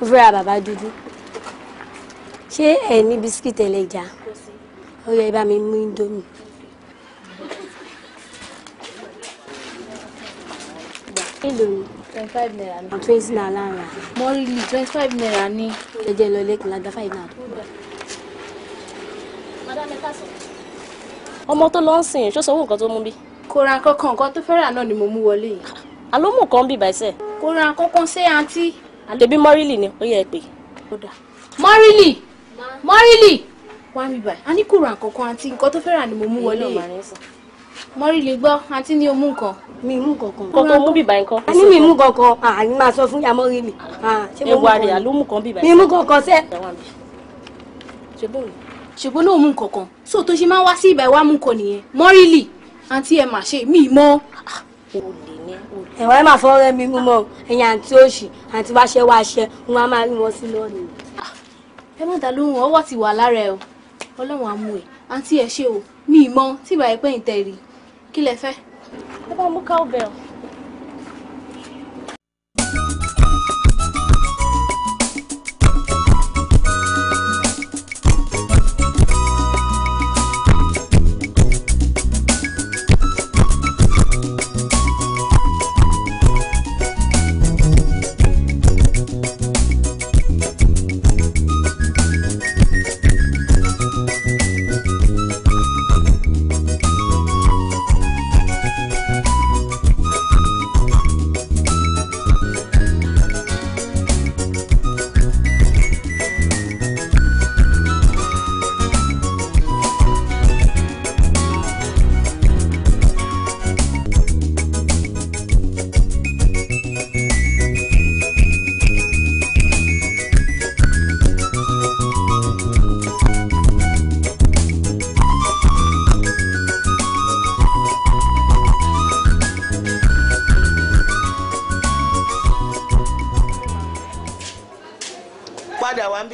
mo fẹ́ ra bàbá dúdú ṣé ẹ ní bisikíìtì ẹlẹ́ja ó yẹ bá mi mú indomie. èlò ni. twenty five naira ni. twenty naira lára. twenty five naira ni. ẹ jẹ́ lọ lẹ́kùn lágbá five naira. ọmọ tó lọ ń sìn ṣó sanwó nǹkan tó mú bí. kò ra nǹkan nǹkan tó fẹ́ náà ni mo mú wọlé yìí. àló mú kan bíbá ẹsẹ̀. kò ra nǹkan ṣé àǹtí tèmi ah, mọ́rílì ni ó yẹ pé. mọ́rílì mọ́rílì wá mi báyìí a ní kò ra nǹkan nǹkan tó fẹ́ ni mo mú wọlé yìí mọ́rílì gbọ́ àǹtí ni o nǹkan. mi mú nǹkan. kókó mú bìbá nǹkan. a ní mi mú kankan àní ah, máa sọ fún ya mọ́rílì. ewa rẹ̀ ló mú kan bìbá. mi mú kankan sẹ́. ṣùgbọ́n náà mú nǹkan kan so tó ṣe máa wá sí ìbá ìwá mú nǹkan nìyẹn mọ́rílì àǹtí ẹ̀ mà ṣe mí mọ́ olè ní olè. ẹ̀wọ̀n ẹ máa fọ́rẹ́ mi mú mọ́ ẹ̀yìn àǹtí òṣì àǹtí wáṣẹ́ wáṣẹ́ ń wá máa rí wọn sí lọ́ọ̀nì. ẹ má dàlú wọn ọwọ́ ti wà lára ẹ o ọlọ́run àmú ẹ àǹtí ẹ ṣe o mi ì mọ tí ìbàyẹ̀pẹ̀ ń tẹ̀ rí kí lẹ fẹ́. ẹ bá mú cowbell.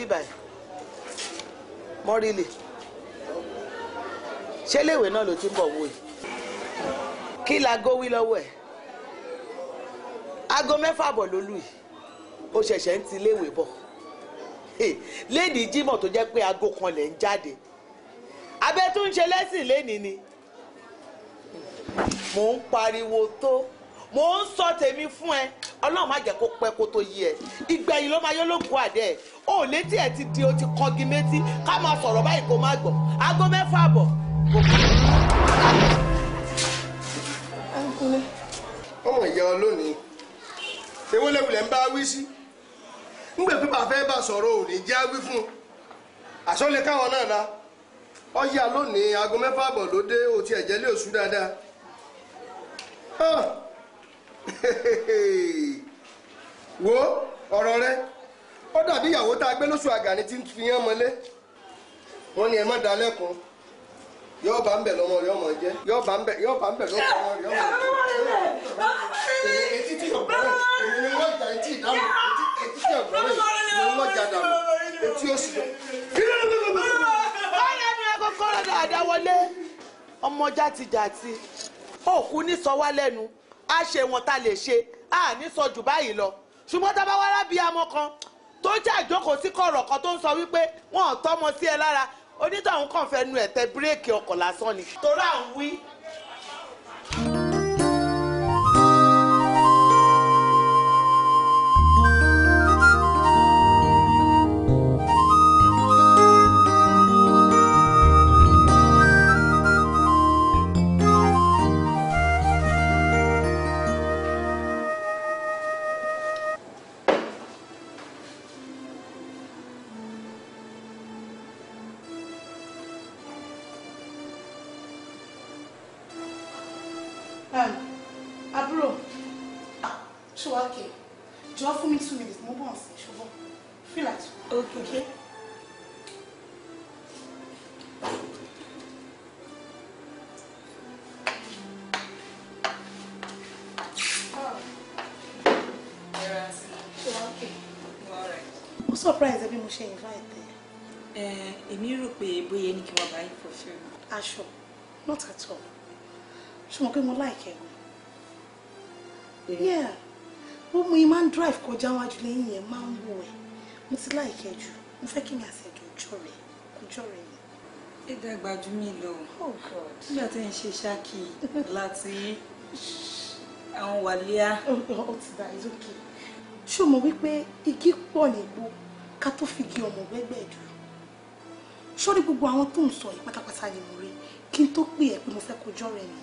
báyìí mọ́rílì ṣé léèwé náà ló ti ń bọ̀ wò yìí kí laago wí lọ́wọ́ ẹ̀ aago mẹ́fà bọ̀ ló lù yìí ó ṣẹ̀ṣẹ̀ ń ti léèwé bọ̀ léèdì jímọ̀ tó jẹ́ pé aago kan lẹ̀ ń jáde abẹ́ tó ń ṣe lẹ́sìn lénìí ni mò ń pariwo tó mò ń sọ tèmi fún ẹ ọlọ́run má jẹ́ kó pẹ́ kó tó yí ẹ ìgbẹ̀yìn ló máa yọ lóògùn àdẹ́ ẹ o létí ẹ̀ ti o ti kọ́gi méjì ká máa sọ̀rọ̀ báyìí kó má gbọ́ aago mẹ́fà bọ̀. ọmọ ìyá ọ lónìí ń bá wí sí ńgbè pípa fẹ́ bá sọ̀rọ̀ ò ní já wí fún un àsọ̀lẹ̀ káwọn náà la ọ̀yà lónìí aago mẹ́fà wo ọ̀rọ̀ rẹ. ó dàbí ìyàwó tá a gbé lóṣù àgàní tí ń fi yán mọ́lé wọ́n ní ẹ má da lẹ́kun yóò bá ń bẹ̀ lọ́mọ rẹ̀ ọmọ jẹ́ yóò bá ń bẹ̀ lọ́mọ rẹ̀ ọmọ jẹ́. etí tí yóò bọ́ rẹ̀ èmi ni wọ́n jà etí ìdáhùn etí tí yóò bọ́ rẹ̀ èmi ni wọ́n jà dànù etí oṣù. báyọ̀ ni ẹ̀kọ́ kọ́ra dáadáa wọlé ọmọ jàtijàti òkú ní sọ wá lẹ́nu a ṣe wọn ta lè ṣe a ní sọ jù báyìí lọ ṣùgbọ́n tá a bá wá rábìá ọmọ kan tó jẹ́ àjókòó sí kọ̀rọ̀ kan tó ń sọ wípé wọn ò tọ́mọ sí ẹ lára onítọ̀hún kàn fẹ́ nu ẹ̀tẹ́ bírèkì ọkọ̀ lásán ni. torí ń wí okay jọ for me two minutes Move on. bọ̀ sí ṣùgbọ́n feel at home. okay. okay. Oh. surprise ẹbí mo ṣe invite ẹ. Eh, èmi rò pé bóyá ní kí wọ́n bá yín fulfill. aṣọ not at all ṣùgbọ́n pé mo like ẹ̀ eh. yeah ó mú yín drive kọjá wájú lẹ́yìn yẹn máa ń wò ẹ́ mo ti láìkẹ́ jù mo fẹ́ kí mi àti ẹ̀dùn ọjọ́ rẹ ọjọ́ rẹ yìí. ẹ dàgbà jù mí lọ oh nígbà tí ń ṣe ṣáàkì láti àwọn wàlíà. ó ti dà it's okay. ṣé o mọ̀ wípé igi pọ̀ nígbó ká tó fi igi ọmọ gbẹ́gbẹ́ dùn sórí gbogbo àwọn tó ń sọ yìí pátápátá ni mo rí kí n tó pè ẹ́ pé mo fẹ́ kọjọ́ rẹ ni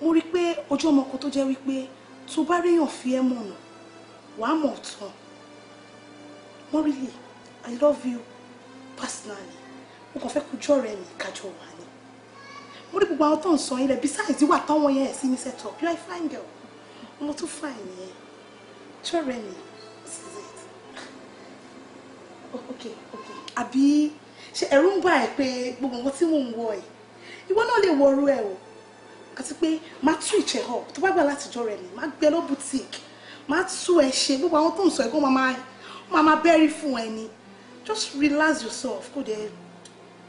mo rí pé ojú ọmọ kan tó jẹ́ wípé tó bá réyàn fi ẹ́ mọ̀nà wàá mọ̀ tán Morili I love you personally mo kàn fẹ́ kojú ọ̀rẹ́ mi kájọ wà ní mo rí gbogbo àwọn tó ń sọ yín rẹ̀ besides wà táwọn yẹn sí ní set up you are a fine girl ọmọ tó fine yẹn tí ọ̀rẹ́ mi this is it oh, ok ok àbí ṣe ẹ̀rù ń bà ẹ́ pé gbogbo nǹkan tí mò ń wọ̀ ẹ́ ìwọ náà lè wọ ọrú o àti pé má tú ìjẹ́ họ tó bá gbà látijọ́ rẹ̀ ni má gbé lọ boutique má tú ẹ gbogbo àwọn tó ń sọ ẹ kó máa máa bẹ́rí fún ẹ ni just relax yourself kó dẹ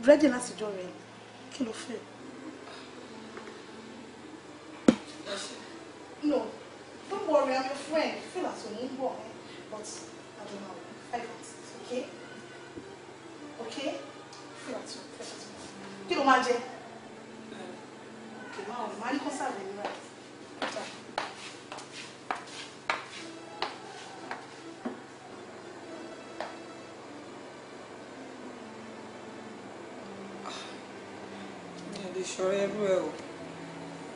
ready látijọ́ rẹ̀ ni kí ló fẹ́. No, don't worry, I'm your friend. I feel as your own born, but I don't know. I got it. okay? Okay? I feel as though. Kí ló máa jẹ? òkè máa ọ̀nà máa ní kọ́ sàbẹ̀ nígbà lè ṣọ̀rọ̀ ẹrú ẹ o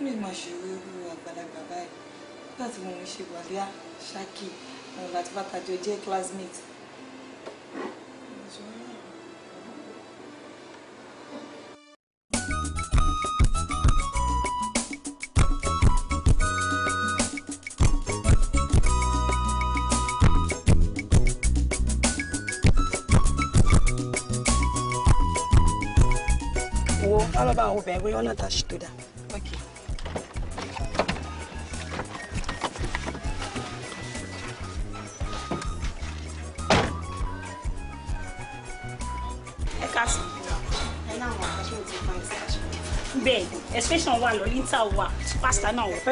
ó lè máa ṣe irú àgbàlagbà classmate àwọn obìnrin bóyá ọ̀nà tá a ṣe tó dáa. ẹ káàsán ẹ náà wà á ṣe ti fún ẹ bẹ́ẹ̀ expression wà lọ lítà wà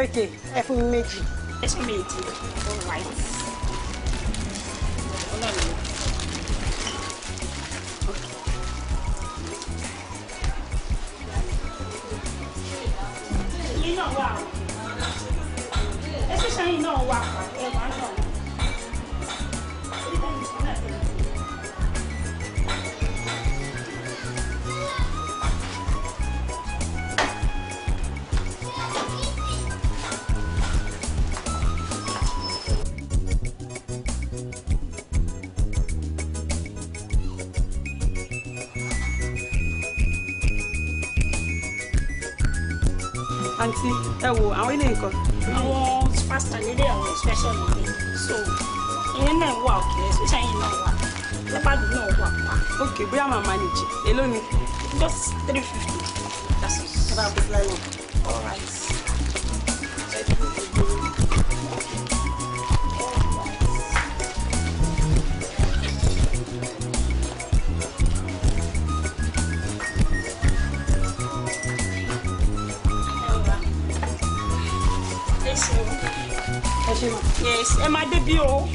ok ẹ fún mi méjì. all right. okay bóyá màá manage èló ni. just three fifty. that's all. ẹ bá a kó fúláì wọn. all right. Yes, ẹ máa débí o.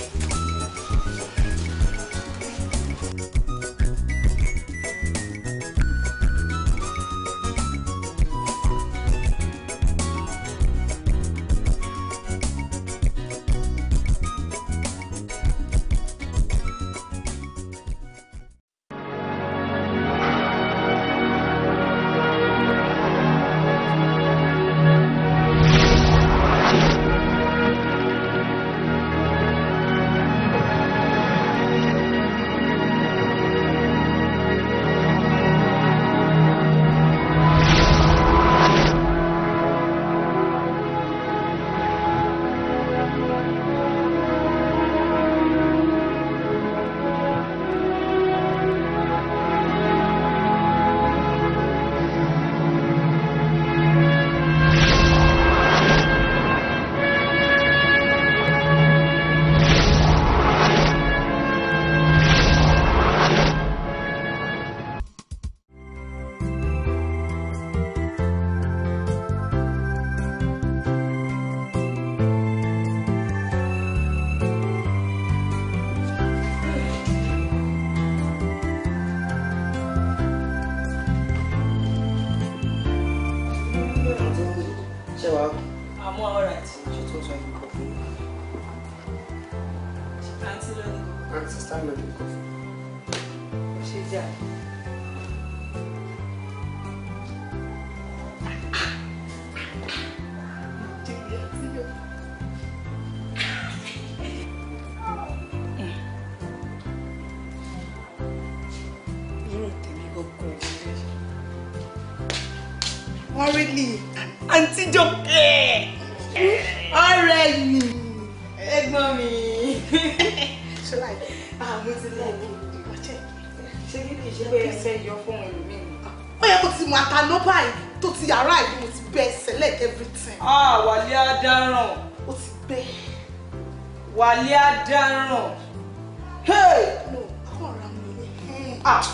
wálé adaràn.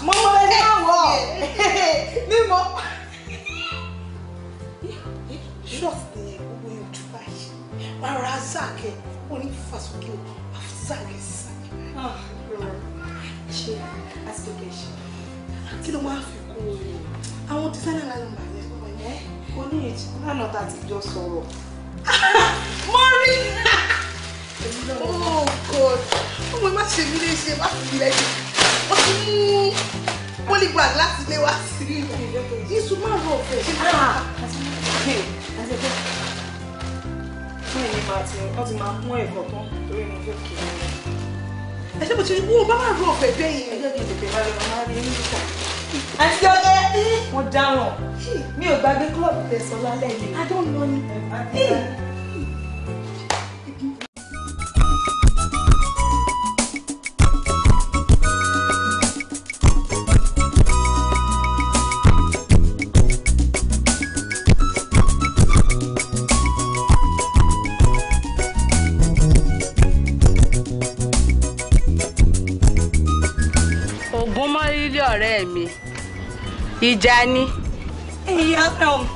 mọ́mọ́ ẹ náà wọ̀ mímọ́. ṣọ́ọ̀tì ni gbogbo yóò jù báyìí rárá záàkẹ́ ó ní fàṣọkè àfúzáàkẹ́ sáré. ṣe àti bẹ́ẹ̀ ṣe kí ló máa fi kú o àwọn tí sáré lálẹ́ màá yẹ kó o eh? ní èjì lánàá tá a ti jọ sọ̀rọ̀. mo rí i. Oh God. Oh my God! ṣe mí léṣe, má fi mi léṣe. Wọ́n ti mú polygraph láti lé wá sí i. Yíṣu máa rọ ọ̀fẹ́. Ṣé bá a ṣe pé fún ẹ̀mí máa ti wọ́n ti máa pọ́n ẹ̀kọ́ tán torí mo fẹ́ kí ni. Ẹ ṣé mo ti rí wọ́n bá máa rọ ọ̀fẹ́ bẹ́yìn. Ẹ jẹ́ kí n tètè máa lọ máa rí ní ìta. Àti ọ̀gẹ́ mo dáràn. Mi ò gbàgbé club tẹ̀sán lálẹ́ yìí. Adó ń lọ ni. ìjà ni. ìyá um,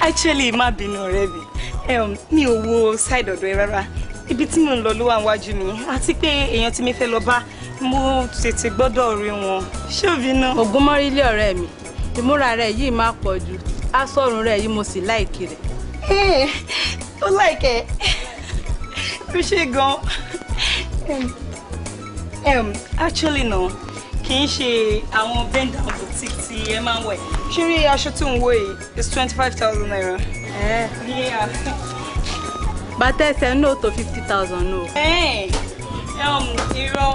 actually má bínú ọ̀rẹ́ mi um, mi ò wo side ọ̀dọ̀ ẹ rárá ibi tí mò ń lọ ló wà níwájú mi àti pé èèyàn tí mi fẹ́ lọ bá mo tètè gbọ́dọ̀ rí wọn ṣòbínú. ògúnmọ́rí ilé ọ̀rẹ́ mi ìmúra rẹ̀ yìí máa pọ̀ jù asọ́run rẹ̀ yìí mo sì láìkì rẹ̀. Eh, ó láìkẹ́ ó ṣe gan-an um, actually náà. No kì í ṣe àwọn bend down boutique tí ẹ máa ń wẹ̀. ṣé rí aṣọ tó ń wọ yìí is twenty five thousand naira. bàtà ẹsẹ̀ náà tó fifty thousand náà. Um, irọ́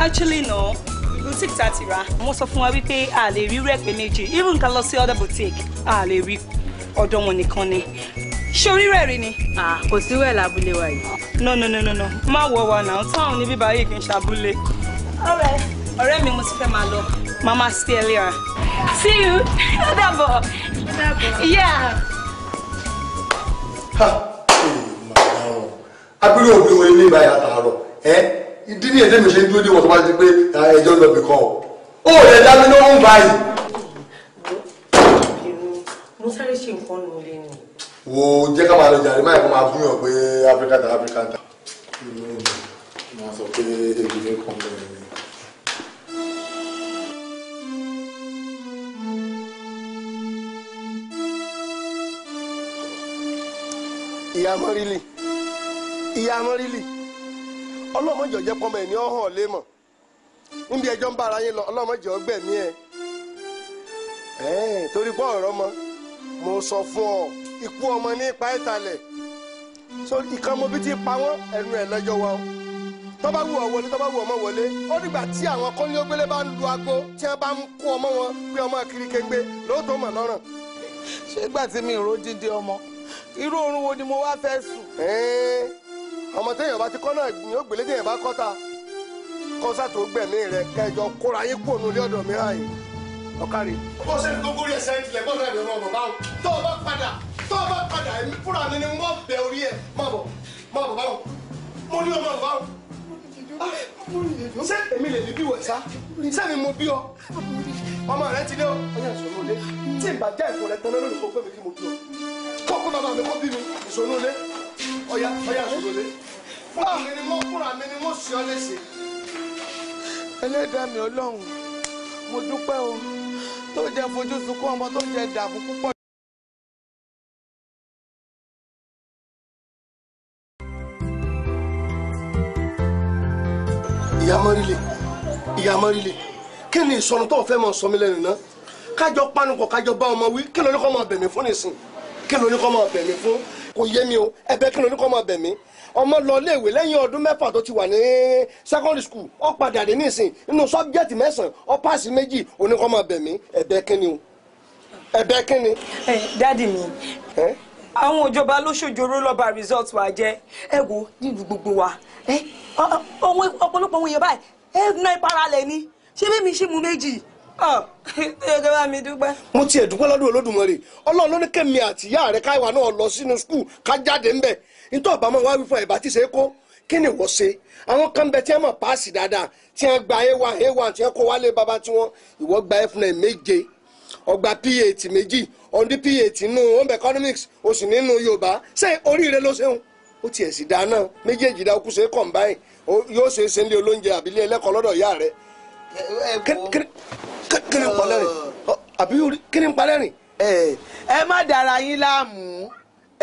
actually no boutique tá a ti rà wọ́n sọ fún wa wípé a lè rí rẹ́pẹ̀ méjì even ká lọ sí other boutique a lè rí ọ̀dọ̀ wọn nìkan ni ṣé orí rẹ̀ rí ni. kò sí wẹ̀ lábúlé wa yìí. no no no no no má wọ wa náà táwọn níbí báyìí kì í ṣàbúlé. all right ọ̀rẹ́ mi mo ti fẹ́ máa lọ mama stay earlier see you ó dàbọ̀ ó dàbọ̀ yeah. ha agbèrè òbí wọn ilé ìbáyà tààrọ ẹ ìdí ni èdè mi ṣe ń dúró dé wọn tó bá ti pé ẹjọ́ lọ bìkan o ó lè dá mi lóhùn báyìí. mo sáré ṣe nǹkan nù lé ni. wo jẹ́ ká máa lọ jàre máa kọ́ máa fún yàn pé áfíríkà tà áfíríkà tà. mo sọ pé èdè mi kàn lẹ́yìn. ìyá mọ́rílì ìyá mọ́rílì ọlọ́mọjọ jẹ́ pọ́nmọ ẹ̀ ní ọ̀hún lé mọ̀ níbi ẹjọ́ ń bára yín lọ ọlọ́mọjọ gbẹ̀mí ẹ̀ torí ọ̀rọ̀ mo sọ fún ọ ikú ọmọ nípa so ìkan mo bí ti pa wọ́n ẹnu ẹ̀ lọ́jọ́ tọ́ba wù ọ wọlé tọ́ba wù ọmọ wọlé ó nígbà tí àwọn bá ń lu aago tí wọ́n bá ń kó ọmọ wọn ọmọ kiri irú oorun wo ni mo wá fẹ́ sùn. ọmọ téèyàn bá ti kọ́ náà ni ó gbélé téèyàn bá kọ́ ta kọ́sà tó gbẹ̀mí rẹ̀ kẹjọ kóra yín kúrò nílé ọ̀dọ̀ mi ráàyè ọ̀kárí. bó ṣe ń gbogbo orí ẹsẹ̀ ń tilẹ̀ gbọ́dọ̀ ẹ̀mí ọmọ bàbá o tó o bá padà tó o bá padà èmi fúnra mi ni mo bẹ orí ẹ má bọ̀ má bọ̀ báwo mo ní ọmọ bàbá o. ṣé èmi lè ní bí wọ̀ sá sẹ́mi mo bí ọ ọmọ rẹ ti lé ọ ọyàn ìṣòro lé tí ìbàjẹ́ ìfọ̀rẹ́ tán lórí ìfọ̀fẹ́ mi kí mo bí ọ kọ́kú bàbá mi kó bí mi sọnù lé ọ̀yà ọ̀yà sọnù lé. fúnra ah! mi ni mo fúnra mi ni mo sì ọ́ léṣe. ẹlẹ́dàá mi ọlọ́run mo dúpẹ́ o tó jẹ́ fojú sunkún ọmọ tó jẹ́ dààmú púpọ̀. ìyá mọ́rílẹ̀ kí ni ìsọnù tó fẹ́ mọ̀ sọmi lẹ́nu náà kájọ panukọ̀ kájọ bá ọmọ wí kí lóríkọ́ máa bẹ̀mí fún nìsín kí ló ní kọ́ máa bẹ̀ mí fún kò yé mi o ẹ̀bẹ̀ kí ní kọ́ máa bẹ̀ mí ọmọ lọ léèwé lẹ́yìn ọdún mẹ́fà tó ti wà ní secondary school ó padà dé nísìn nínú sọ́bjẹ́tì mẹ́sàn-án ó pàṣẹ méjì oníkọ́ máa bẹ̀ mí ẹ̀bẹ̀ kí o ẹ̀bẹ̀ kí ni. mi àwọn òjọba lóṣòjòrò lọ́ba result wa jẹ́ ẹ wo nílùú gbogbo wa ọ̀pọ̀lọpọ̀ àwọn èèyàn báyìí ẹ̀ náà ìparalẹ̀ ni ṣé bẹ́ẹ̀ mi ṣe mú méjì tóyọ̀kẹ́ ah, bá mi dúpẹ́. mo tiẹ̀ dúpẹ́ lọ́dún olódùmarè ọlọ́run ló ní kẹ́mi àti ìyá rẹ̀ káìwá náà lọ sínú skul ká jáde ńbẹ̀ nítorí bàbá wa wí fún ẹ̀ bá ti ṣe é kó kí ni wọ́n ṣe àwọn kan bẹ tí wọ́n mọ̀ páàsì dáadáa tí wọ́n gba a one a one tí wọ́n kó wálé bàbá tí wọ́n ìwọ́ gba f nine méje ọgbà ph méjì ọdún ph nínú home economics oṣù nínú yorùbá ṣé oríire ló ṣeun ó tiẹ̀ sì dáa náà méjèèjì dáa ó kù ṣe é kọ̀ǹbáyìn yóò ṣe é ṣe ń lé olóúnjẹ àbílẹ̀ ẹlẹ́kọ̀ọ́ lọ́dọ̀ ìyá rẹ̀ kíni ń palẹ̀ rìn àbí kíni ń palẹ̀ rìn. Eh, ẹ má dara yín láàmú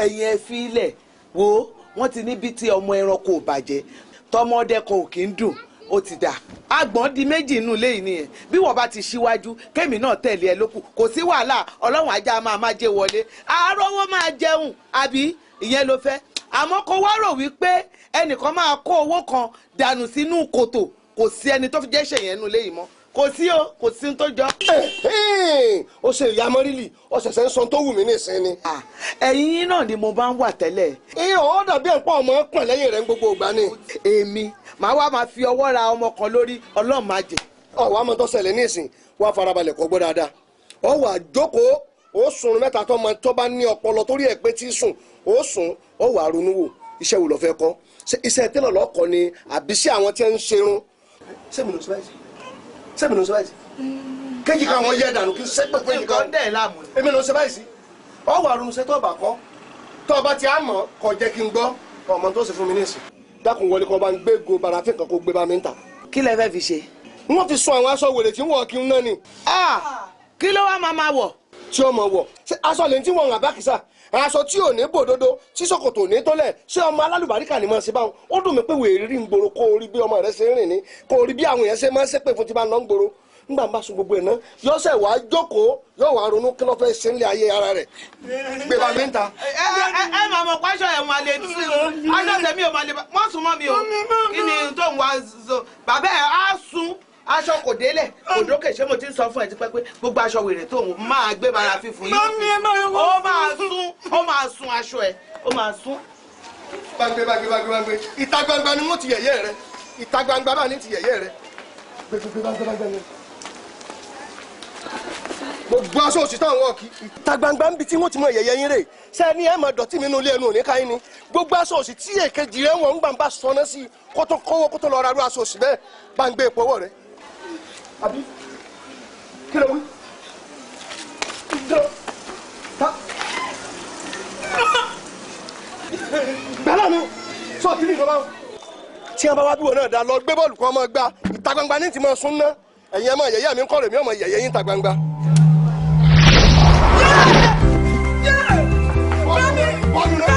ẹ̀yin ẹ fi ilẹ̀ wo wọ́n ti níbi tí ọmọ ẹranko ò bàjẹ́ tọmọdé kan ò kì í dùn ó ti dà agbọ̀n di méjì inú ilé yìí nìyẹn bí wọ́n bá ti ṣíwájú kémi náà tẹ̀lé ẹ lókù kò sí wàhálà ọlọ́run ajá máa má jẹ wọlé àárọ̀wọ́ máa jẹun àbí ìyẹn ló fẹ́ àmọ́ kó wá wípé ẹnìkan máa kó owó kan dànù sínú kòtò kò sí ẹni tó fi jẹ́ ṣèyẹn nínú ilé mọ́ kò sí o kò sí tó jọ. ó eh, eh, ṣe ìyá mọ́rìlì ó ṣẹ̀ṣẹ̀ ń san tó wù mí nísìnyí ni. Ah, ẹ̀yin náà ni mo bá ń wà tẹ́lẹ̀. ìhàn ó dàbí ẹ̀pọ̀ ọmọ pọ̀n lẹ́yìn rẹ̀ ń gbogbo ìgbà ni. èmi màá wá máa fi ọwọ́ ra ọmọ kan lórí ọlọ́run máa jẹ. ọ̀wá mọ́tò ṣẹlẹ̀ nísìn wá farabalẹ̀ kọ́ gbọ́ dáadáa. ó wà jókòó ó sùn mẹ́ta tó mọ tó bá ní ọpọlọ torí ẹ̀ pé tí sùn ó sùn ó wà ronú wò iṣẹ́ wo ló fẹ́ kọ́ iṣẹ́ tẹ́lọ̀ lọ́kọ̀ ni àbíṣẹ́ àwọn tí ń ṣerun sẹ́mi ló ń sọ báyìí sẹ́mi ló ń sọ báyìí kéjì ká wọn yẹ dànù kí n sẹ́pẹ̀ pé nǹkan dẹ̀ láàmú ni èmi ló ń sọ báyìí sí ọwọ́ àrùnsẹ́ tó bá kọ́ tó bá ti á mọ̀ kọ́ jẹ́ kí n gbọ́ ọmọ tó sì fún mi nísì dákun wọlé kan bá ń gbé go barafin kan kó gbé bá mi ń tà. kí lẹ fẹ́ fi ṣe. wọ́n fi sun àwọn aṣọ wèrè tí wọ́n kí n náà ni. Ah! kí ló wá máa máa wọ̀. tí ó máa wọ̀ aṣọ lè ti wọ̀ ń aṣọ tí ò ní bòdodo tí ṣòkòtò ní tọ́lẹ̀ ṣé ọmọ alálùbáríkà ni mo ṣe báwọn ó dùn mí pé wèé rí ngboro kó rí bí ọmọ rẹ ṣe ń rìn ní kó rí bí àwọn èèyàn ṣe máa ń ṣépè fún ti máa ń lọ ngboro ń bá gbogbo ẹ̀ náà yóò ṣe wàá jókòó yóò wàá ronú kí ló fẹ́ ṣe nílé ayé ara rẹ̀ gbé bá mi ń ta. ẹ ẹ ẹ mọ tẹ̀mí lè mọ́ sùn mọ́ aṣọ kò délẹ̀ kò ṣé mo ti ń sọ fún ẹ tipẹ́ pé gbogbo aṣọ wèrè tó òun máa gbé mara fífun yìí ó máa sún ó máa sún aṣọ ẹ ó máa sún. gbàgbé gbàgbé gbàgbé gbàgbé ìta ni mo ti yẹ̀yẹ́ rẹ ìta gbangba bá ní ti yẹ̀yẹ́ rẹ gbogbo aṣọ òsì táwọn wọ̀ kí. ìta gbangba níbi tí wọ́n ti mọ ṣe ni ẹ máa dọ̀tí mi ẹnu òní gbogbo aṣọ òsì tí èkejì ń gbàǹbà sí kótó kówó kótó lọ́ọ́ ra aṣọ òsì bẹ́ẹ̀ bá ń gbé epo àbí kí ló wí. gbẹ́lá mi sọ kí ni ìjọba wọn. tí wọn bá wá dúró náà dá lọ gbé bọ́ọ̀lù kan máa gba ìta gbangba ní ti máa sún ná ẹ̀yin ẹ̀ máa yẹ̀yẹ́ mi kọ́ rẹ̀ mi ọ̀ máa yẹ̀yẹ́ yín ta gbangba. bọ́ọ̀lù náà.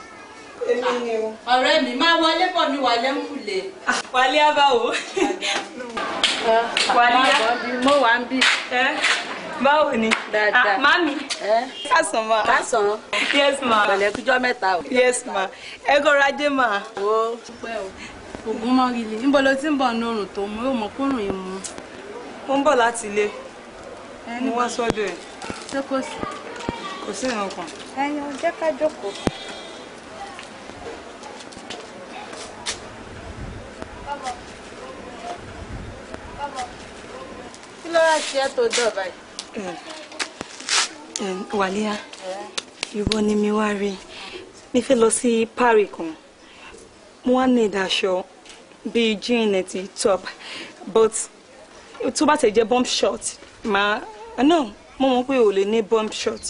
èmi ọ̀rẹ́ mi máa wọlé bọ̀ mi wà lẹ́kùlé. wálé ah, abáwo. wálé á mo wà ń bì. báwo ni. dáadáa ah, ma. kásán. yes ma. pẹ̀lẹ́ kújọ́ mẹ́ta o. yes ma. ẹ kọ́ra ma. o pẹ́ o níbo ló ti ń bọ̀ ní oòrùn tó mú yìí mú. ó ń bọ̀ lára tiẹ̀ tó dọ̀bà yìí. wàlíà ìwọ ni mi wá rí mi fẹ́ lọ sí Paris kan mo wá ní ìdáṣọ bíi jean àti top but tó bá tẹ̀ jẹ́ bump shot Ma, no mo mọ̀ pé o lè ní bump shot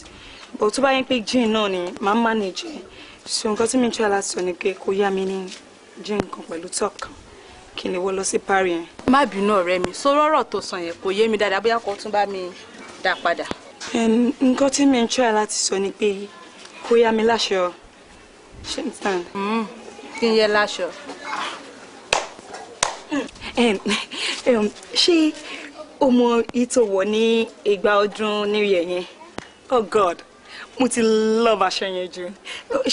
but tó bá yẹn pé jean náà ni màá manage so nǹkan tí mi ń try láti sọ ni pé kò yá mi ní jean kan pẹ̀lú top kan kí n lè wọ́ lọ sí Paris yẹn. má bínú ọ̀rẹ́ mi sọ̀rọ̀ ọ̀rọ̀ tó sàn yẹn kò yé mi dáadáa bóyá kó tún bá mi dá padà. nǹkan tí mi ń try láti sọ ni pé kó yá mi láṣọ ṣe ń tàn. Mm-hmm. kí n yẹ láṣọ. ṣé o ìtò wọ̀ ní ìgbà ọdún new year yẹn oh god mo ti love aṣọ yẹn jù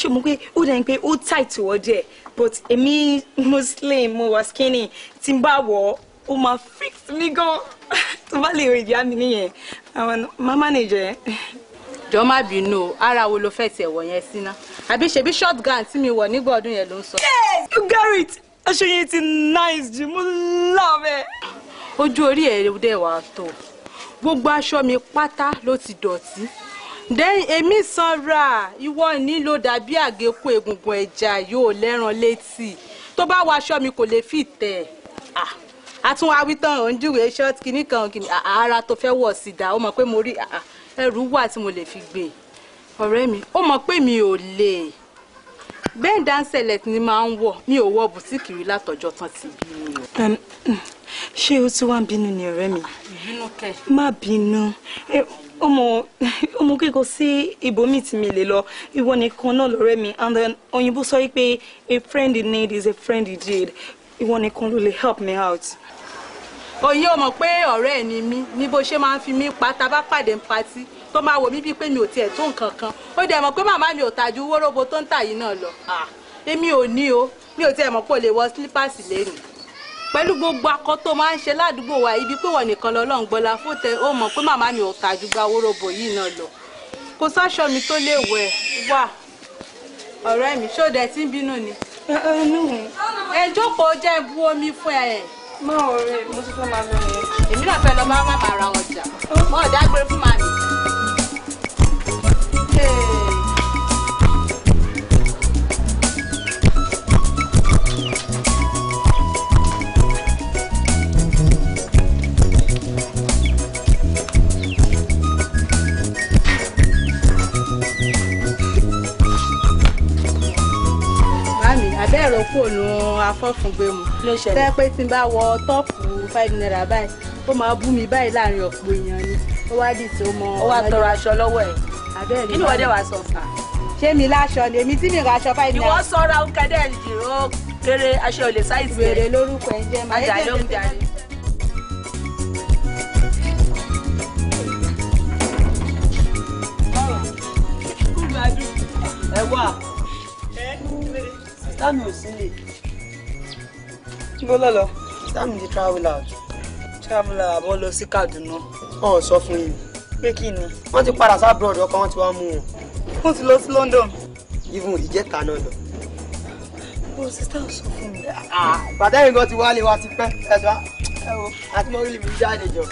ṣé mo pé ó dẹ́n pé ó tight wọ́ díẹ̀ but èmi muslim mo wà skinny tí n bá wọ̀ ó máa fix mi gan tó bá lè rí ìyá mi nìyẹn àwọn máa manager ẹ. jọ má bínú ara wo ló fẹ́ tiẹ̀ wọ̀ yẹn sí ná àbí ṣebí short gown tí mi wọ̀ nígbà ọdún yẹn ló ń sọ. you get it aṣọ ti nice jù mo love ẹ. ojú orí ẹ̀ dẹ̀ wà tó gbogbo aṣọ mi pátá ló ti dọ̀tí dẹ́yìn èmi sanra ìwọ nílò dàbí àgékù egungun ẹja yóò lẹ́ran létí tó bá wọ aṣọ mi kò lè fi tẹ̀ àtún ah, wa wí tán ò ń júwèé ṣọ́ọ̀tì kìíní kan kìíní ah, ah, ara tó fẹ́ wọ̀ sí dà ó mọ̀ pé mo rí ẹrù wà tí mo lè fi gbé ọ̀rẹ́ mi ó mọ̀ pé mi ò lè bẹ́ẹ̀ dáńsẹ̀lẹ̀ ni máa ń wọ̀ mi ò wọ bùtíìkì látọjọ́ tán ti bí mi o. ṣé o ti wá ń bínú ni ọ̀rẹ́ mi? má bínú ọmọ ọmọ kíkọ sí ibòmí tí mi lè lọ ìwọ nìkan náà lọ̀rẹ́ mi and then òyìnbó sọ wípé a friend in need is a friend indeed ìwọ nìkan ló lè help me out. òye ò mọ̀ pé ọ̀rẹ́ ẹ̀ ni mí ní bó ṣe máa ń fi mí pa tá a bá pàdé ń patí tó máa wò mí bíi pé mi ò tiẹ̀ tó nǹkan kan ó dẹ̀ mọ̀ pé màmá mi ò tà wóróbo tó ń tà yìí náà lọ ah, èmi ò ní o mi ò tiẹ̀ mọ̀ pé o lè wọ sílípàsì lẹ́nu pẹ̀lú gbogbo akọ tó máa ń ṣe ládùúgbò wa ibi pé wọ́n nìkan lọ́lọ́run gbọ́lá fóòtẹ́ ó mọ̀ pé màmá mi ò tà ju gba wórobo yìí náà lọ kò sáṣọ mi tó lè wẹ̀ wà ọ̀rẹ́ mi ṣó dẹ̀ tí ń bínú ni. ẹ jókòó jẹ́ bu omi fún ẹ. má ọ̀rẹ́ mo ti fẹ́ máa lọ yẹn. èmi náà fẹ́ lọ bá màmá ra ọjà mọ́ ọ̀dà gbé fún màmí. ò kúrò nù afọ́fúngbé mu tẹ́ pé tí n bá wọ tọ́pù five naira báyìí ó máa bú mi báyìí láàrin ọ̀pọ̀ èèyàn ni ó wá dì tí mọ ọmọdé ó wá tọrọ aṣọ lọ́wọ́ ẹ̀ kí ni wọ́n dẹ̀ sọ fà ṣé mi láṣọ ni èmi tí mi ra aṣọ five naira. ìwọ sọra oúnjẹ dẹ ìró kéré aṣọ ò lè ṣáìsì rẹ wèrè lórúkọ ẹ máa dé lóúnjẹ rẹ. ẹ Tami ò sí lè. Níbo lọ lọ? Tami di travel out. Travel out àbọ̀ lọ sí Kaduna. Wọ́n ò sọ fún yìí. Pé kí ni? Wọ́n ti padà sá abroad ọkọ wọn ti wá mú wọn. Wọ́n ti lọ sí London. Even ìjẹta náà lọ. Bó o sísá ò sọ fún mi. Ah, bàtà yìí gan ti wálé wa ti pẹ́. Ẹ sọ, ẹ wo, àti mọ́rílì mi jáde jọ.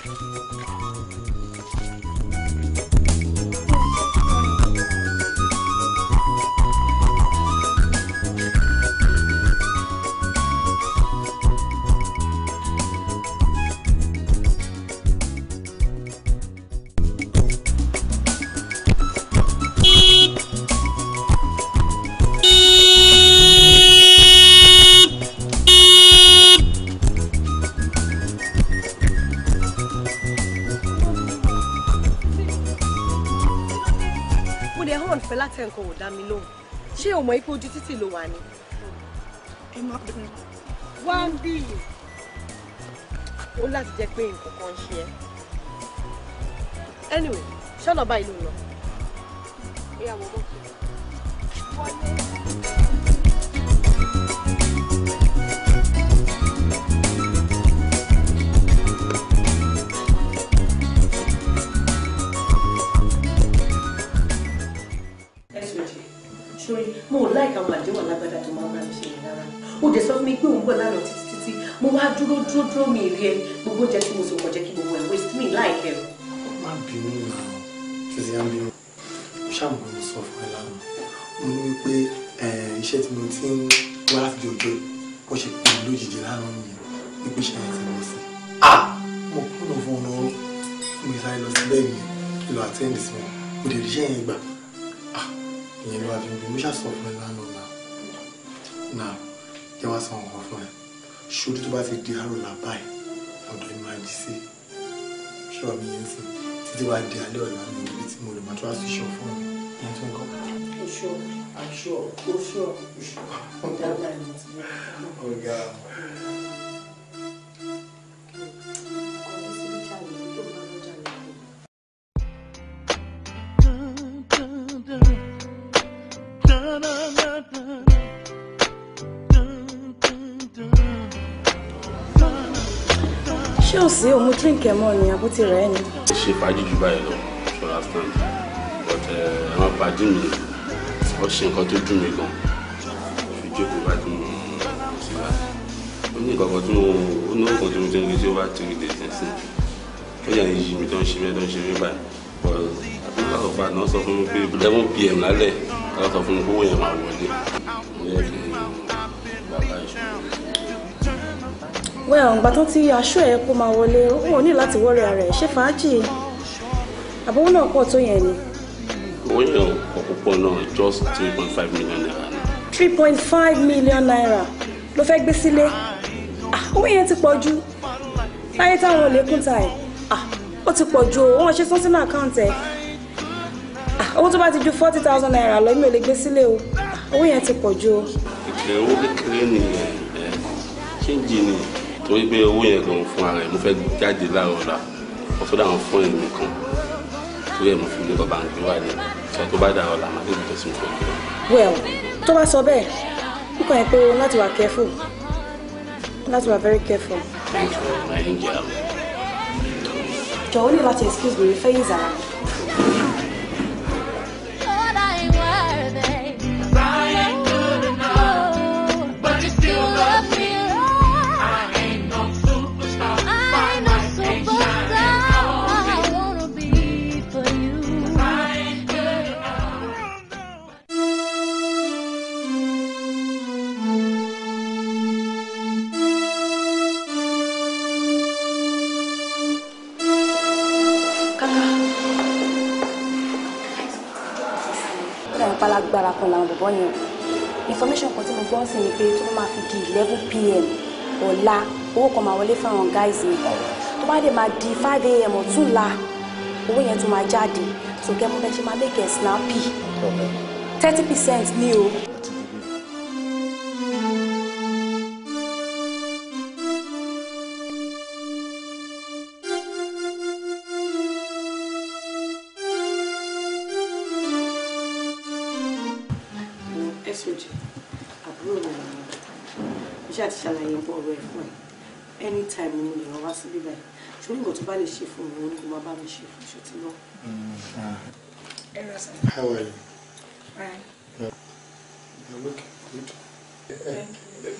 ẹ hàn fẹ́ láti ẹ̀kọ́ ò dá mi lóhùn ṣé o mọ̀ ipò ojú títì ló wà ní. ẹ má bẹ wá ń bì í ó láti jẹ́ pé nǹkan kan ṣe ẹ́ anyway ṣọ́nà bá ìlú lọ. ìyàwó bọ́ọ̀kì wọlé. sórí mo ò láìka àwọn àdéhùn alágbádá tó máa ń bá mi ṣe yẹn rárá dẹ̀ sọ fún mi pé òun bọ̀ lánàá títí títí mo wá dúró dúró dúró mi rí ẹ gbogbo oúnjẹ tí mo sọ kọjá kí gbogbo ẹ waste mi láìkẹ o. má bínú náà kìsì á bínú ṣàmùkọ́ mi sọ fún ẹ lánàá mo ní wípé iṣẹ́ tí mo ti ń wá láti ọjọ́ bó ṣe pè mí lójijì lánàá nìyẹn wípé ṣe àyẹ̀tì mo sí. mo kúrò fún ọ lọ mo dẹ̀ ìyẹn ló wá fi ń bí mo ṣàṣọ fún ẹ lánàá náà náà jẹ́ wá sọ nǹkan fún ẹ ṣojú tó bá ti di àròlà báyìí ọ̀dọ̀ ẹ máa jí sí ṣọ́ mi yẹn sí títí wàá di alẹ́ ọ̀la mi níbi tí mo lè máa tó wá sí ṣọ́ fún mi yẹn tó ń kọ́. oṣù àṣọ oṣù ọ̀gá. ṣé ò sí òmu drink ẹ̀ mọ́ ni àbútí rẹ̀ ni. ṣe fàájì jù báyìí lọ for understand but eh, àwọn pàdé mi ọ ṣe nǹkan tó dùn mí gan fi jókòó bá tí mo sì wá ó ní nǹkan tí mo ó ní nǹkan tí mo ti ń retí ó bá ti rí dèjì sí ó yà yí mi tó ń ṣe mí tó ń ṣe mí báyìí but àtúntà ọ̀pá náà sọ fún mi pé eleven pm lálẹ́ àwọn fún mi kó wọ́n yẹn máa wọlé well ǹgbà tán tí aṣọ ẹ̀ kó máa wọlé wọn ò ní láti wọlé ara ẹ̀ ṣe fàájì àbówó náà pọ̀ tó yẹn ni. wọ́n yàn ọ̀pọ̀ náà just three point five million naira. three point five million naira ló fẹ́ gbé sílé ah, owó yẹn ti pọ̀ jù láyé táwọn olè kúnta ẹ̀ ah, ó ti pọ̀ jù o wọ́n ṣe sọ́n sínú àkáǹtì ẹ̀ ah, owó tó bá ti ju forty thousand naira lọ mi ò lè gbé sílé o owó yẹn ti pọ̀ jù o. ìkẹ̀wé kékeré nìyẹn ṣé ń jì nìyẹn torí pé owó yẹn gan fún ara ẹ̀ mo fẹ́ jáde láàárọ̀ ọ̀la mo sọ́dọ̀ àwọn fún ẹ̀mí kan torí ẹ̀ mo fi lè kọ́ báńkì wà ní ìṣẹ́ tó bá dára ọ̀la máa débi tó sì ń fọ́. well tó bá sọ bẹ́ẹ̀ n kàn yẹn pé o láti wà careful láti wà very careful. thank you my angel. jọ̀wọ́ ní láti excuse me fẹ́ yìí zàrà agbára kan làwọn bọ̀bọ̀ yẹn information kan tí mo gbọ́ sí ni pé tó máa fi di eleven pm ọ̀la owó kan máa wọlé fáwọn guys mi tó bá dé máa di five am ọ̀túnla owó yẹn tó máa jáde so kẹ́ mo fẹ́ máa make ẹ̀ snappy thirty percent ní o. ṣàlàyé bọ̀ rẹ̀ fún ẹ anytime mo lè rán wá sí bíbá ẹ ṣórí nǹkan tó bá lè ṣe fún mi òun ni kò má bá mi ṣe fún ṣe ti mm-hmm. lọ. How are you? Fine. You're good. Thank you.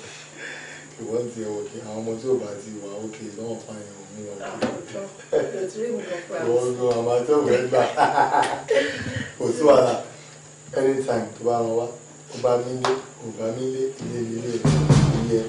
ìwọ ti ẹ wọkẹ àwọn ọmọ tí ò bá ti wà ókè náà fáyọ mú wọn kí wọn gan àwọn àtọwò ẹ gbà kò sí wàhálà anytime tó bá wọn wá ó bá mi lé ó bá mi lé ilé ilé ilé ẹ.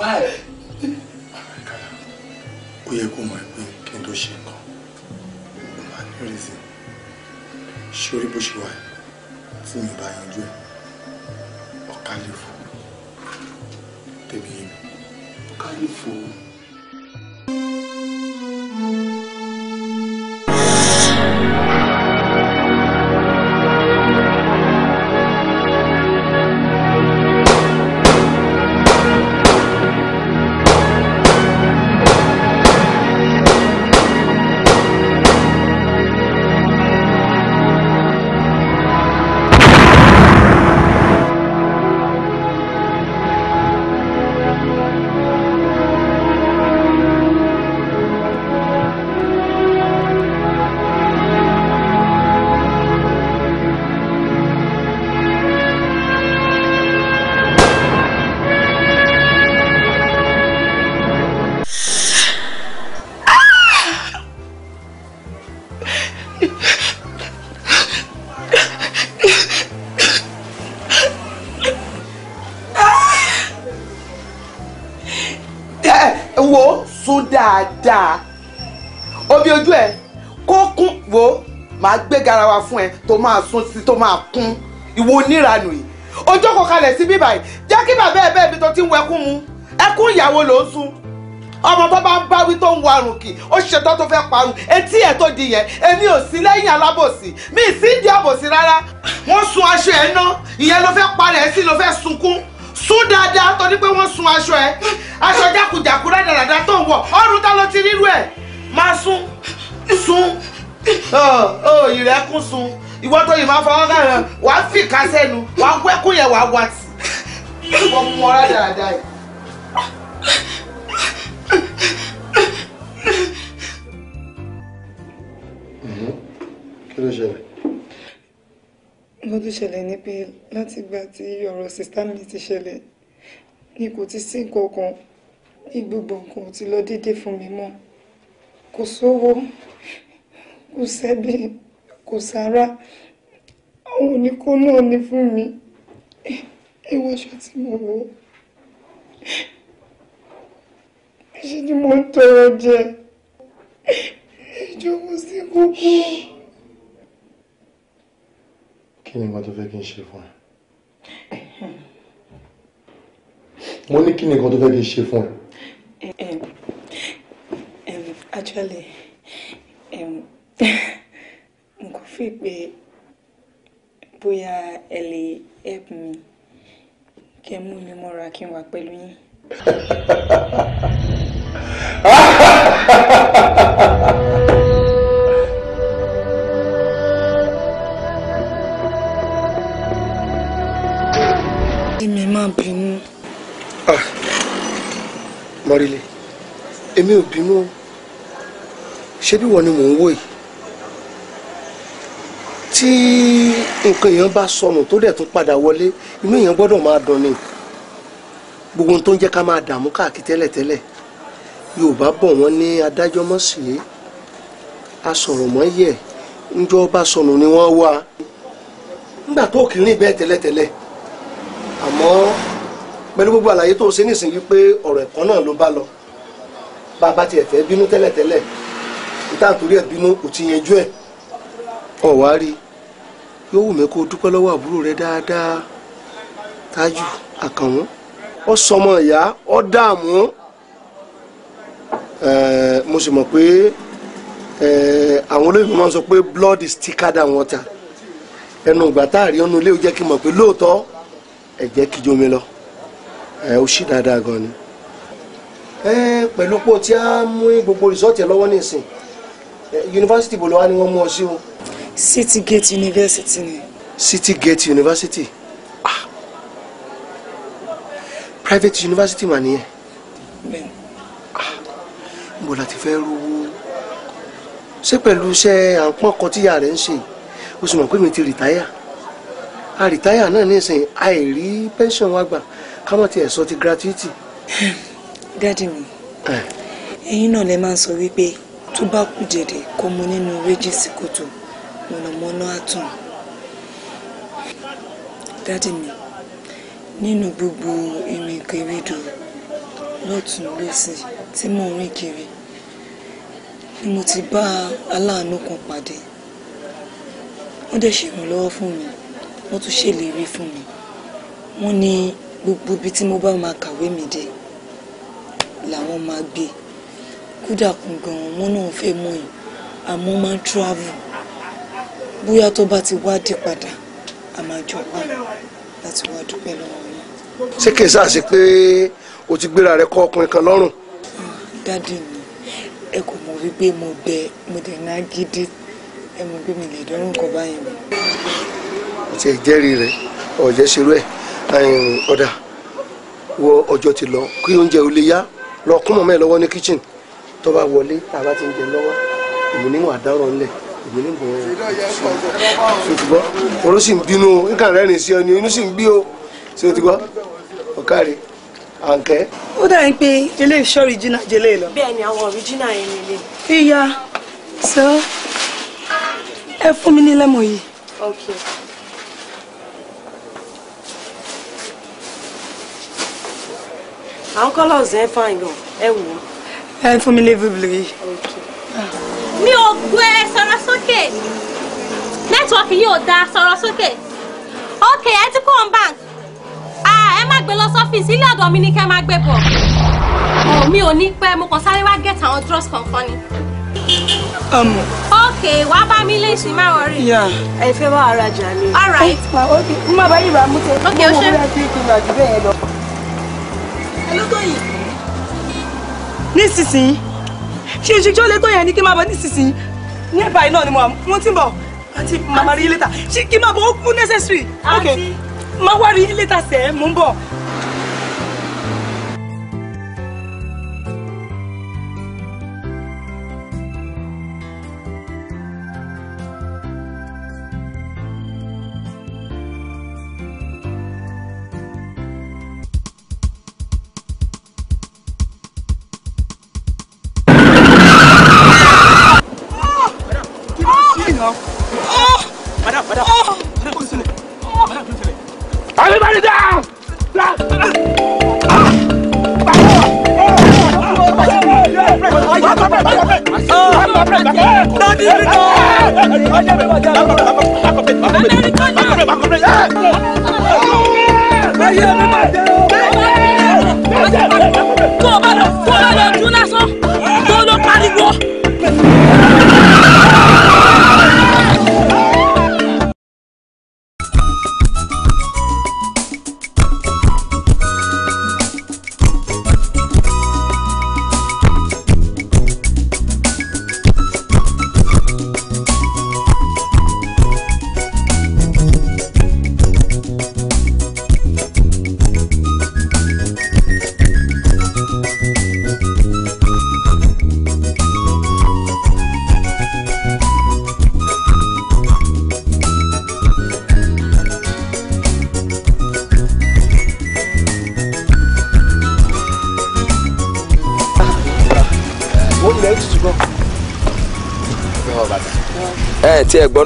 Why? Americana, ó yẹ kó mọ̀ pé kí n tó ṣe nǹkan, ó máa ní reason. Ṣé orí bó ṣe wà tí máa sún sí tó máa kún ìwọ oníranù yìí ọjọ́ kò kalẹ̀ sí bíbà yìí jẹ́ kí bàbá ẹ̀ bẹ́ẹ̀ bí tó ti ń wẹkún mu ẹkún ìyàwó ló ń sun ọmọ tó bá ń báwí tó ń warùn kì ó ṣetán tó fẹ́ parun etí ẹ̀ tó di yẹn èmi ò sí lẹ́yìn alábòsí mi ì sí di àbòsí rárá wọ́n sun aṣọ ẹ̀ ná ìyẹn ló fẹ́ parẹ́ ẹ̀ sí ló fẹ́ sunkún sún dáadáa torí pé wọ́n sun aṣọ ẹ̀ aṣọ jákujàku rádaràda tó ń wọ̀ ọ̀run tá ló ti rírú ẹ̀ máa sún sún ìrẹ́kún sun ìwọ tó yìí máa fọwọ́ kàn wá fi ká sẹ́nu wá wẹ́kùn yẹn wá wá tì ìwọ mú ọlá dáadáa yìí. Mhm. kí ló ṣẹlẹ̀. lọ́dún ṣẹlẹ̀ ni pé látìgbà tí ọ̀rọ̀ sista mi ti ṣẹlẹ̀ ni kò ti sí nǹkan kan ní gbogbo nǹkan ti lọ déédéé fún mi mọ́ kò sówó kò sẹ́bí kò sára àwọn oníkó náà ní fún mi ẹ wọṣọ tí mo wọ ṣe ni mo ń tọrọ jẹ ìjọwọ́ sí kókó. kí ni nǹkan tó fẹ́ kí n ṣe fún ẹ? mo ní kí ni nǹkan tó fẹ́ kí n ṣe fún ẹ? actually um, mo kàn fi pé bóyá ẹ lè help me kẹ mú mi mọ́ra kí n wà pẹ̀lú yín. èmi máa bínú. Ah, mọ́rílẹ̀ èmi ò bínú ṣé bí wọ́n ni mò ń wò yìí tí nǹkan èèyàn bá sọnù tó dẹ̀ tún padà wọlé inú èèyàn gbọ́dọ̀ máa dùn ni gbogbo ohun tó ń jẹ́ ká máa dààmú káàkiri tẹ́lẹ̀tẹ́lẹ̀ yorùbá bọ̀ wọ́n ní adájọ́ mọ́ sí i asọ̀rọ̀ mọ́ yẹ̀ ńjọ́ bá sọnù ni wọ́n wá nígbà tó kìíní bẹ́ẹ̀ tẹ́lẹ̀tẹ́lẹ̀ àmọ́ pẹ̀lú gbogbo àlàyé tó ṣe nísìnyí pé ọ̀rọ̀ ẹ̀kọ́ náà ló bá lọ bá a bá tiẹ̀ fẹ́ bínú tẹ́lẹ̀tẹ́lẹ̀ ìtàn torí ẹ̀ bínú ò ti yẹn jú ẹ̀ ọ̀wá rí i yóò wù mí kó dúpẹ́ lọ́wọ́ àbúrò rẹ dáadáa tájù àkànwọ́ ọ sọmọ ìyá ọ dààmú mo sì mọ̀ pé àwọn olóyìnbó máa ń sọ pé blood is thicker than water ẹnu ìgbà tá a rí ọnu ilé ó jẹ́ kí n mọ̀ pé lóòótọ́ ẹ̀jẹ̀ kíjó mi lọ ẹ ó ṣì dáadáa gan ni. ẹ pẹ̀lú pé o ti á mú gbogbo rìsọ́ọ̀tì ẹ lọ́wọ́ nísìn yunifásitì bò lọ́wọ́ ni wọ́n mú ọ sí o. City Gate University ni. City Gate University ah private university mà nìyẹn. bẹ́ẹ̀ ah níbo la ti fẹ́ rówó ṣé pẹ̀lú iṣẹ́ àpọ́n kan tíyà rẹ̀ ń ṣe o sì mọ̀ pé mi ti rìtáyà a rìtáyà náà nísìnyí àìrí pension wa gbà ká mọ̀ tiẹ̀ sọ ti gratuity. dádì mi ẹ̀yin náà lè máa sọ wípé tó bá kù dèdè kó mu nínú rẹ́jísì kòtò mọ̀nàmọ́ná àtàn dádì mi nínú gbogbo irin kèrèdò lọ́tún lọ́sì tí mò ń rìn kiri ni mo ti bá aláàánú kan pàdé wọ́n dẹ̀ ṣèrànlọ́wọ́ fún mi wọ́n tún ṣèlérí fún mi wọ́n ní gbogbo ibi tí mo bá máa kàwé mi dé làwọn máa gbé kódà kún gan-an wọ́n náà fẹ́ mọ̀ yìí àmọ́ máa ń travel bóyá tó bá ti wá dé padà a máa jọ wá láti wá dúpẹ́ lọ́wọ́ yín. ṣé kìí ṣàṣe pé o ti gbéra rẹ kọ́ ọkùnrin kan lọ́rùn. Ah, dádì mi ẹ kò mọ̀ wípé mo bẹ mo dẹ̀ ná gidi ẹ mọ̀ pé mi lè dọ́rùn kan báyìí mọ́. o ti ẹ̀ jẹ́rìí rẹ ọ̀jẹ̀ ṣerú ẹ̀ ọ̀dà wọ ọjọ́ ti lọ kí oúnjẹ ò lè yá lọ kún mọ̀mọ́ ẹ lọ́wọ́ ní kíchìn tó bá wọlé tàbá ti ń jẹ lọ́wọ́ èmi àdárọ̀ ńlẹ̀ èmi ní bọ̀ ṣòtùgbọ́ wọn ló sì ń bínú o nǹkan rẹ̀ rìn sí ọ ni inú sì ń bí o ṣòtùgbọ́ ọ̀kàrẹ̀ àǹkẹ́. ó dà ní pé ilé iṣẹ́ ọ̀ríjìnà jẹlé lọ. bẹ́ẹ̀ ni àwọn ọ̀ríjìnà yẹn nílé. ìyá sọ ẹ fún mi ní lẹ́mọ̀ yìí. Okay. àwọn kọ́lọ̀ ọ̀sẹ̀ fáìn ẹ wò ó. ẹ fún mi ní bíbélì. Okay mi ò gbé sọ̀rọ̀ sókè nẹ́tíwọ́ọ̀kì yìí ò dáa sọ̀rọ̀ sókè ok Ecobank bank ẹ má gbé lọ sọ́fíìsì ilé ọ̀dọ̀ mi ni kẹ́ máa gbé bọ̀ ọ̀ mi ò ní pẹ́ mo kàn sáré wá gẹ̀ẹ́tì àwọn drugs kankan ni. ok wà á bá mi lè ṣì máa wọrí. ẹ fẹ́ wá ara jà ni. all right. Oh, ok n má bá yìí rà mú tẹ. ok o ṣe. mo mú ẹbí kí nísinsìnyí ṣe ṣe ṣe ó lè tó yẹn ni kí n máa bọ̀ nísinsìnyí ní ẹ̀bà yìí náà ni mo ti ń bọ̀ àti màmá rí létà kí n máa bọ̀ ó kú necessary. ok máa wá rí létà sẹ́ẹ̀ mò ń bọ̀.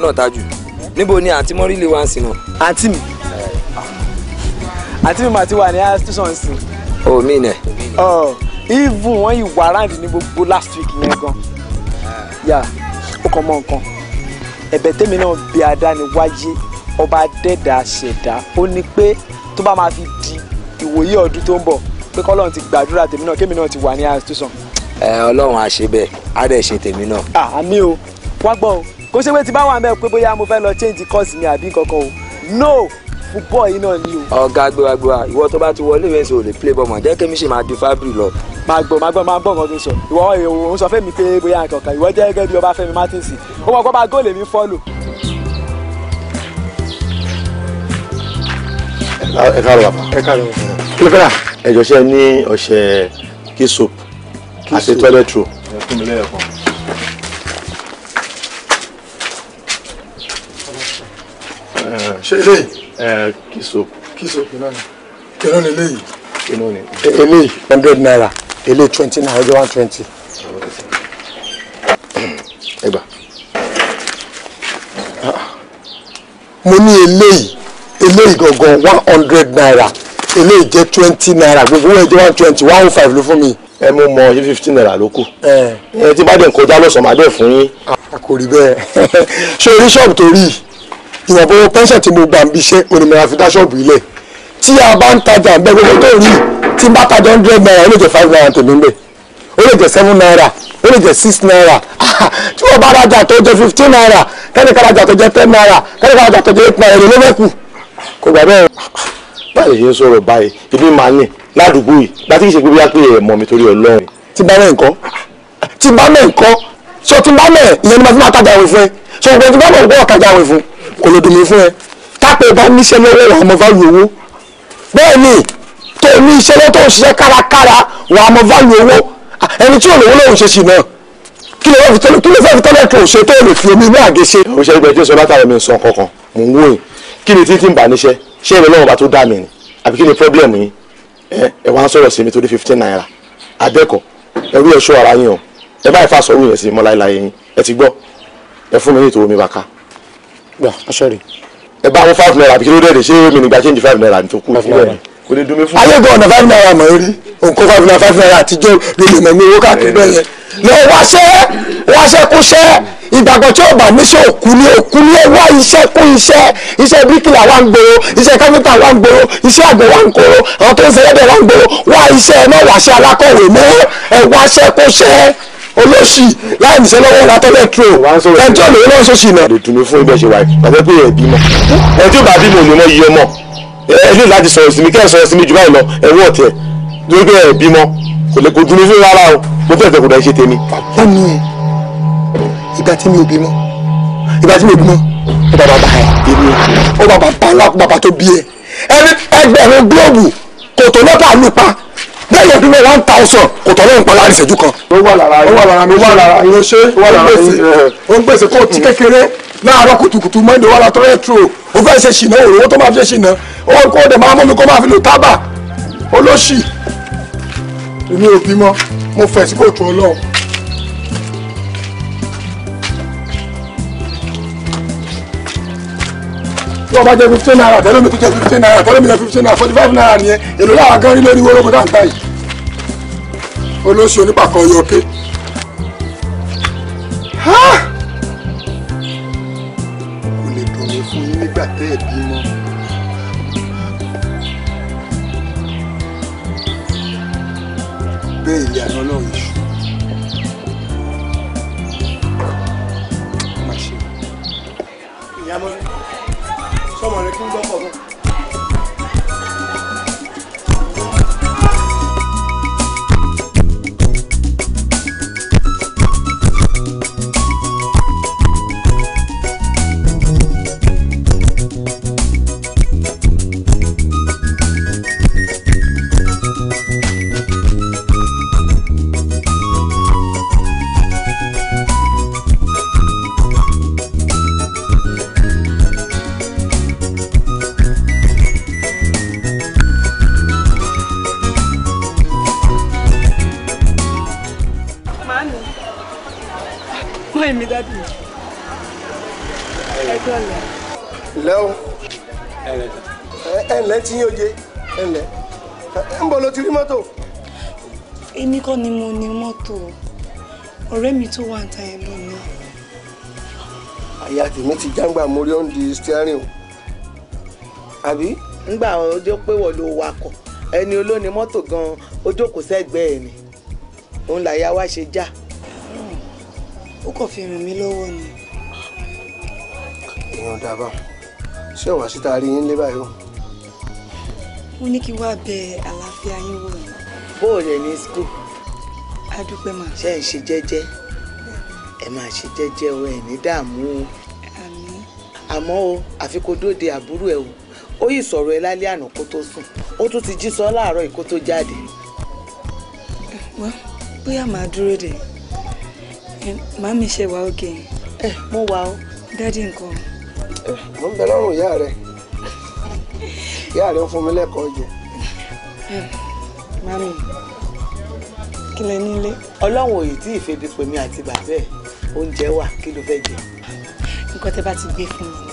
lọ́ta jù níbo ni àǹtí mọ́rí lè wá ń sìn àǹtí mi àǹtí mi màá ti wà ní high sí. o mi nẹ. ivu wọn yìí wà ráǹdì ní gbogbo last week yẹn gan yà ó kàn mọ nǹkan ẹ̀bẹ̀ tèmi náà bí adáni wáyé ọba dẹ́dà ṣẹ̀dá ó ní pé tó bá máa fi di ìwòye ọdún tó ń bọ̀ pé kọ́lọ́run ti gbàdúrà tèmi náà kémi náà ti wà ní high station. ẹ ọlọ́run á á dẹ̀ ṣe tèmi náà. àmì o wá gbọ́ o kó ṣe pé tí bá wà mẹ́ pé bóyá mo fẹ́ lọ change course mi àbí kankan o no football yìí náà ni o. ọ̀gá gbéragbéra ìwọ tó bá ti wọlé ìwé ìṣòro lè play ball mọ̀ jẹ́ kí mi ṣe máa di fábírì lọ. máa gbọ́ máa gbọ́ máa gbọ́ nǹkan tó ń sọ ìwọ òun sọ fẹ́mi pé bóyá nǹkan kan ìwọ jẹ́ gẹ́gẹ́ bí ọba Fẹ́mi Martins ó mọ̀ kó bá góòlù èmi fọ́lù. ẹ káàárọ̀ bàbá ẹ káàárọ̀ kí ló fẹ́ rà. ẹ jọ ṣe ní ọṣẹ kí soap àti toilet roll. ẹ fún mi lẹ́yọ̀kan. ṣe eléyìí. ẹ kí soap. kí soap náà ni hundred naira eléyìí twenty naira ọjọ́ one twenty. ẹ gbà. Ah. mo ní eléyìí eléyìí gangan one hundred naira eléyìí jẹ́ twenty naira gbogbo ẹ̀ jẹ́ one twenty one oh five ló fún mi ẹ mú mọ yí fifteen naira ló kù ẹ tí bá dẹ̀ ń kọjá lọ́sàn-án máa dẹ̀ fún yín. a kò rí bẹ́ẹ̀ ṣé orí ṣọ́ọ̀bù tó rí ìwọ̀nba owó pẹ́ńsọ̀n tí mo gbà ń bí iṣẹ́ onímọ̀ràn fi dá ṣọ́ọ̀bù ilẹ̀ tí a bá ń tajà ń bẹ gbogbo tó rí tí n bá tajà hundred naira ó lè jẹ five naira tèmi ń bẹ ó lè jẹ seven naira ó lè jẹ six naira ah, tí wọ́n bá rajà tó jẹ fifteen naira kẹ́nìkan rajà tó jẹ ten naira kẹ́nìkan rajà tó jẹ eight naira èrè ló mẹ́kù kò gbà bẹ́ẹ̀. báyìí ṣe ń sọ̀rọ̀ báyìí ibi máa ń ní ládùúgbò yìí láti ṣe gbégbá pé ẹ̀ mọ̀ mi torí Ọlọ́run. tí bá mẹ́ nǹkan tí bá mẹ́ nǹkan sọ tí bá mẹ́ ìyẹn ni mo fi máa tajà òwe fún ẹ sọ gbogbo tí bá mẹ́ nǹkan ọ̀tajà òwe fún ẹ kò lè dùn mí fún ẹ tápẹ́ bá níṣẹ́ lọ́wọ́ wà á mọ value owó bẹ́ẹ̀ ni tó ní iṣẹ́ lọ́wọ́ tó ń ṣiṣẹ́ kárakára wà á mọ value owó ẹni tí òun lòun ṣe sì náà kí ló fẹ́ fi tọ́lẹ̀ tó ṣe tó lè fi omi ní àgé ṣe. mo ṣe é gbẹjọ sọ látàrí mi sàn kankan mò ń wòye kí ni títí ń bà níṣẹ́ ṣé ìrẹ lọ́wọ́ bá tó dá mi ni àbí kí ni problem yìí ẹ wá ń sọ̀rọ̀ sí mi torí fifteen naira adẹ́kọ̀ ẹrú ẹ̀ṣọ́ ara yín o ẹ báyìí fà sọ̀rọ̀ yẹn sí mọ́ láéláé yín ẹ ti gbọ́ ẹ fún mi ní ìtòwó mi bá ká gbà sorry. rẹ̀. ẹ bá wọn five naira àbí already. She dẹ̀ dé change five nígbà change five naira Could you do me dùn mí fún. ayé gbọ́ ọ̀nà five naira mọ̀ rí òǹkó five naira five naira àtijọ́ ló lè mọ̀ mí owó káàkiri bẹ́ẹ̀ yẹn. lọ wáṣẹ́ wáṣẹ́ kúṣẹ́ ìgbàgbọ́ tí ó bá níṣẹ́ òkú ní òkú ní wá iṣẹ́ kún iṣẹ́ iṣẹ́ bíríkìlà wà ń gbòòrò iṣẹ́ káfíńtà wà ń gbòòrò iṣẹ́ àgbẹ̀ wà ń kóró àwọn tó ń ṣe ẹlẹ́dẹ̀ wà ń gbòòrò wá iṣẹ́ ẹ náà wàṣẹ́ alákọ̀wé mọ́ ẹ wáṣẹ́ kúṣẹ́ olóṣì láì níṣẹ́ lọ́wọ́ ra tọ́lẹ̀tro ẹjọ́ lòun náà ṣòṣì náà. lè dùnú fún ibẹ̀ ṣe wáyé bàbá pé ẹ̀ bímọ ẹ tí ò bá bímọ òní mọ iye ọmọ ẹ ní láti sọ̀rọ̀ sí mi kẹ́ ẹ sọ̀rọ̀ sí mi jù báyìí lọ ẹ wọ́ ọ̀tẹ̀ torí pé ẹ bímọ kò lè kó dùnú fún rárá o mo fẹ́ fẹ́ kó dá ṣe tèmi. bàbá mi ìgbà tí mi ò bímọ ìgbà tí mi ò bímọ ó bàbá bẹ́ẹ̀ yẹn bímọ one thousand kò tọ́ lóun palára ìṣẹ́jú kan. ó wà lára yìí ó wà lára mi wà lára yìí ó ṣe ó wà lára yìí ó ń gbèsè kó tí kékeré láàárọ̀ kùtùkùtù monday wà látọ̀ rẹ̀ tro ó fẹ́ ṣe ṣìnà òróró tó máa fi ṣe ṣìnà ó kó dẹ̀ máa mú mi kó máa fi lo tábà olóṣì èmi ò bímọ mo fẹ̀sí kò tó ọlọ́run tó bá jẹ fifteen naira tẹlẹmi tó jẹ fifteen naira tẹlẹmi jẹ fifteen naira forty five naira nìyẹn èlò láwọn gan rí lórí wórógbó dáńtà yìí olóṣù onípàkọ yọ pé. kò lè dùn mí fún yín nígbà tẹ́ ẹ̀ bímọ. bẹ́ẹ̀ ìyànà ọlọ́run iṣu. ìyá mọ́lẹ́ kọ́mọ rẹ kí ń gbọ́kọ̀ gan. tó wà ń ta ẹ̀ lò ní. àyà tèmi ti jágbà mórí ó ń di steering o àbí. ńgbà ọjọ́ pé wọ́n ló wakọ̀ ẹni olóni mọ́tò gan-an ó jókòó sẹ́gbẹ̀ẹ́ ẹ̀ ni òun làyà wá ṣe já. ó kàn fi ràn mí lọ́wọ́ ni. èèyàn dábàá ṣé ọ̀wá síta rí yín lé báyìí o. mo ní kí wá bẹ àlàáfíà yín wò. bóòlù ẹ̀ ní skul. a dúpẹ́ màá. ṣe é ṣe jẹ́jẹ́ ẹ máa ṣe jẹ́jẹ́ o ẹ̀ ní dààmú o àmọ́ o àfi kó dóde àbúrò ẹ o ó yìí sọ̀rọ̀ ẹ lálẹ́ àná kó tó sùn ó tún ti jí sọ láàárọ̀ yìí kó tó jáde. wá bóyá màá dúró dè màmí ṣe wà ókè. ẹ mo wà ó. dádì nǹkan. ẹ mo ń bẹ lọ́rùn ìyá rẹ ìyá rẹ ń fún mi lẹ́kọ̀ọ́ jẹ. màmí kí lẹ nílé. ọlọ́run ò yìí tí ìfẹ́ bí pèmí àti bàbá ẹ̀ oúnjẹ wà kí ló fẹ́ jẹ. nǹkan tẹ́ bá ti gbé fún mi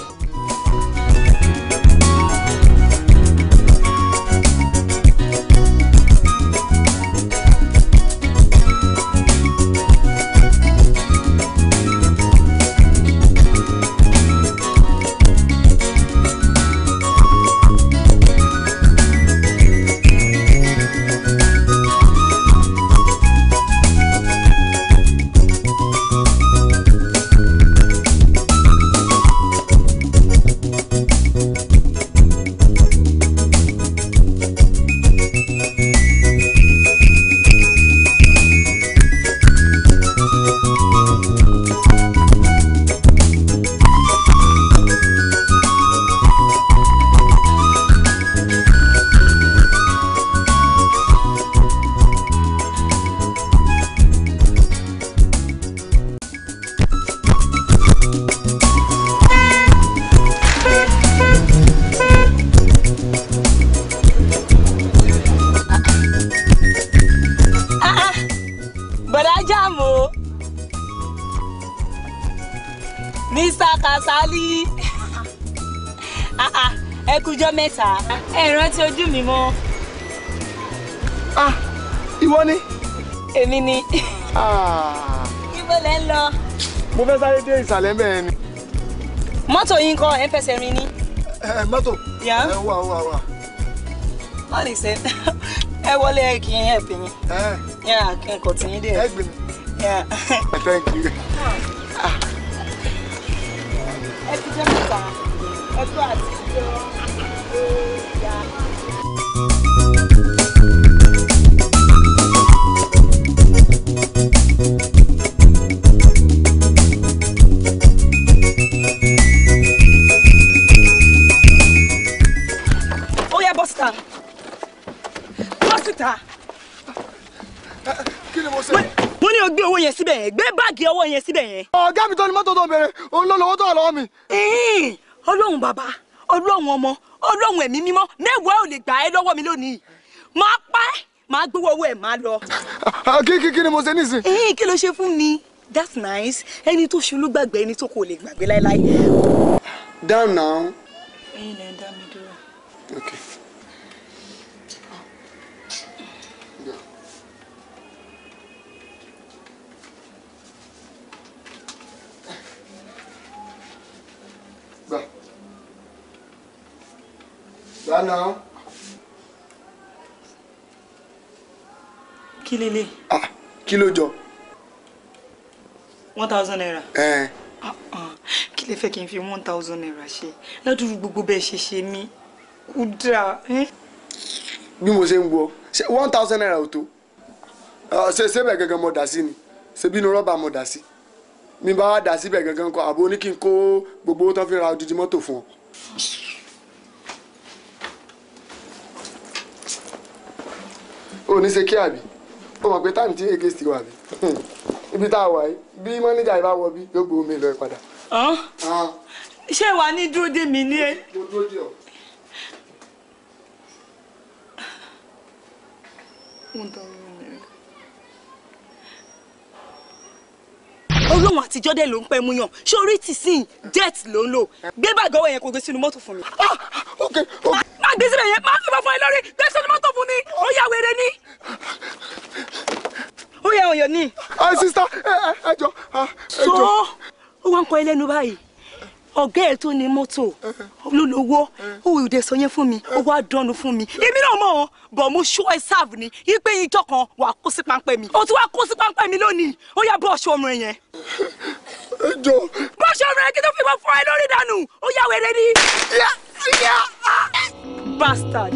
dé ìsàlẹ̀ mẹ́rin ni. mọ́tò yín kọ́ ẹ fẹsẹ̀ rìn ni. ẹ mọ́tò. yà á wà wà wà. wọ́n lè ṣe ẹ wọlé kí n help ẹ yà kí n kò tí yín dé. ẹ gbìmí. yà. thank you. lọ́wọ́ mi. ọlọ́run bàbá ọlọ́run ọmọ ọlọ́run ẹ̀mí mímọ́ mẹ́wàá ò lè gbà ẹ́ lọ́wọ́ mi lónìí máa pa ẹ́ máa gbówó owó ẹ̀ máa lọ. Ah, kí ni mo ṣe nísìn. kí ló ṣe fún mi that's nice ẹni tó ṣubú gbàgbé ẹni tó kò lè gbàgbé láéláé. down now. ẹyin lè dá mi dúró. okay. that now? Kí lélẹ̀? Ah, kí ló jọ? One thousand naira. Ẹ. Eh. ah ah, fẹ́ kí n fi one thousand naira ṣe? Ládùúgbò gbogbo bẹ́ẹ̀ ṣe ṣe mí. Kúdà. Eh? Bí mo ṣe ń gbọ́, ṣé one thousand naira ò tó? se ah, ṣébẹ̀ gangan mo dà sí ni? Ṣé bínú rọ́bà mo dà sí? Mi bá wá dà síbẹ̀ gangan kọ, àbò ní kí n kó gbogbo owó tán fi ra odidi mọ́tò fún o ní ṣe kí àbí o mọ̀ pé táìmù tí ege ti wà bí ibi tá a wà yìí bí mọ́níjà yìí bá wọ bí yóò gbowó mi lọ padà. Ah. ṣé wàá ní dúró dé mi ní. mo dúró dé ọ. olóhùn àtijọ́ dẹ̀ ló ń pẹ́ mú yàn ṣé tì sí jet ló ń lò gbé bàgọ́ ọwọ́ kò gbé sínú mọ́tò fún mi. Ah, ah, má gbé síbẹ̀ yẹn má fífa fún ẹ lórí gbé sínú mọ́tò fún mi ó yà wèrè ni. ó yà ọ̀yọ́ ni. Ah, ẹ sista ẹ ẹ jọ ẹ jọ. sọ ó wá kọ ẹ lẹ́nu báyìí ọ̀gá ẹ̀ tó ni mọ́tò olólówó uh-huh. òwò uh-huh. ìdè sọ yẹn fún mi ó uh-huh. wá dánú fún mi èmi náà mọ̀ wọn bọ̀ mo ṣú ẹ sáàbù ni ipe ìjọ kan wà kó sí páńpẹ́ mi ó tún wá kó sí páńpẹ́ mi lónìí ó yá bọ́ ọ̀ṣọ́ ọmọ rẹ yẹn. ẹjọ. bọ́ ọ̀ṣọ́ ọmọ rẹ kí tó fi bọ́ fún ẹ lórí dànù ó yá wẹ̀rẹ̀ ni. bastard.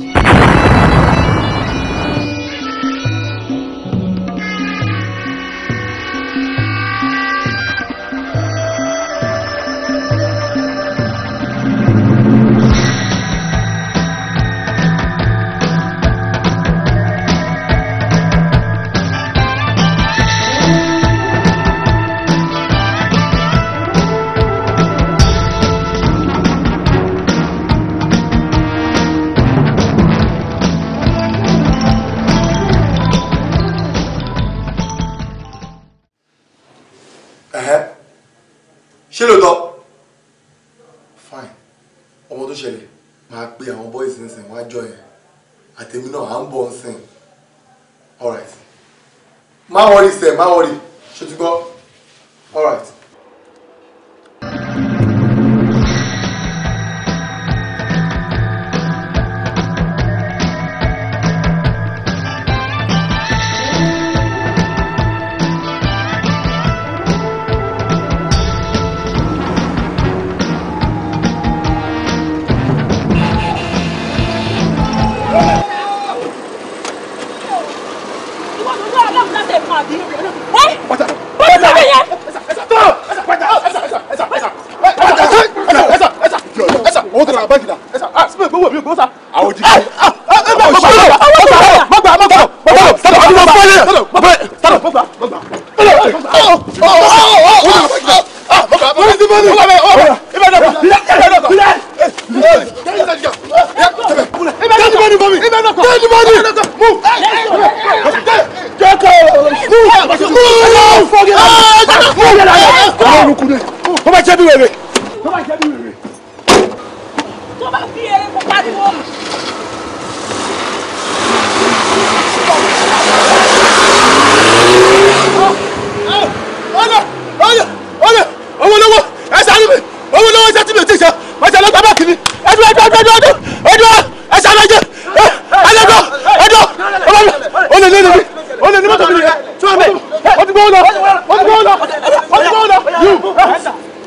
Maori.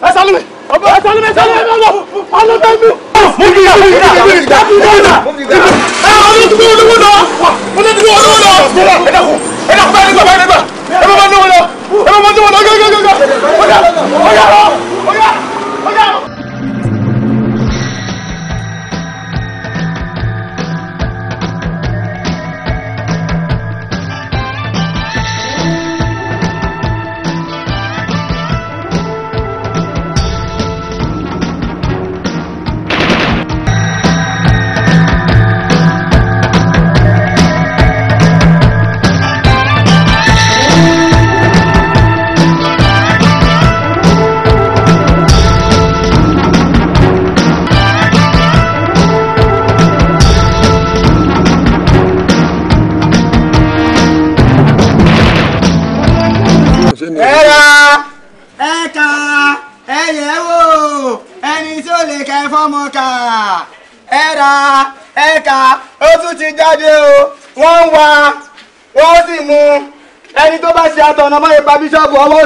ẹ sálú mi ẹ sálú mi ẹ sálú mi lọ ọlọ tẹ mi. mo fi ìyá mo fi ìyá mo fi ìyá mo fi ìyá mo fi ìyá. ẹ ọdún tó gbé olówó lọ ọdún tó gbé olówó lọ. ẹ dàkú ẹ dàkú báyìí nígbà báyìí nígbà ẹ bá bá níwọ̀n lọ ẹ bá bá níwọ̀n lọ gẹ́gẹ́gẹ́gẹ́ ọ̀dà ọ̀dà.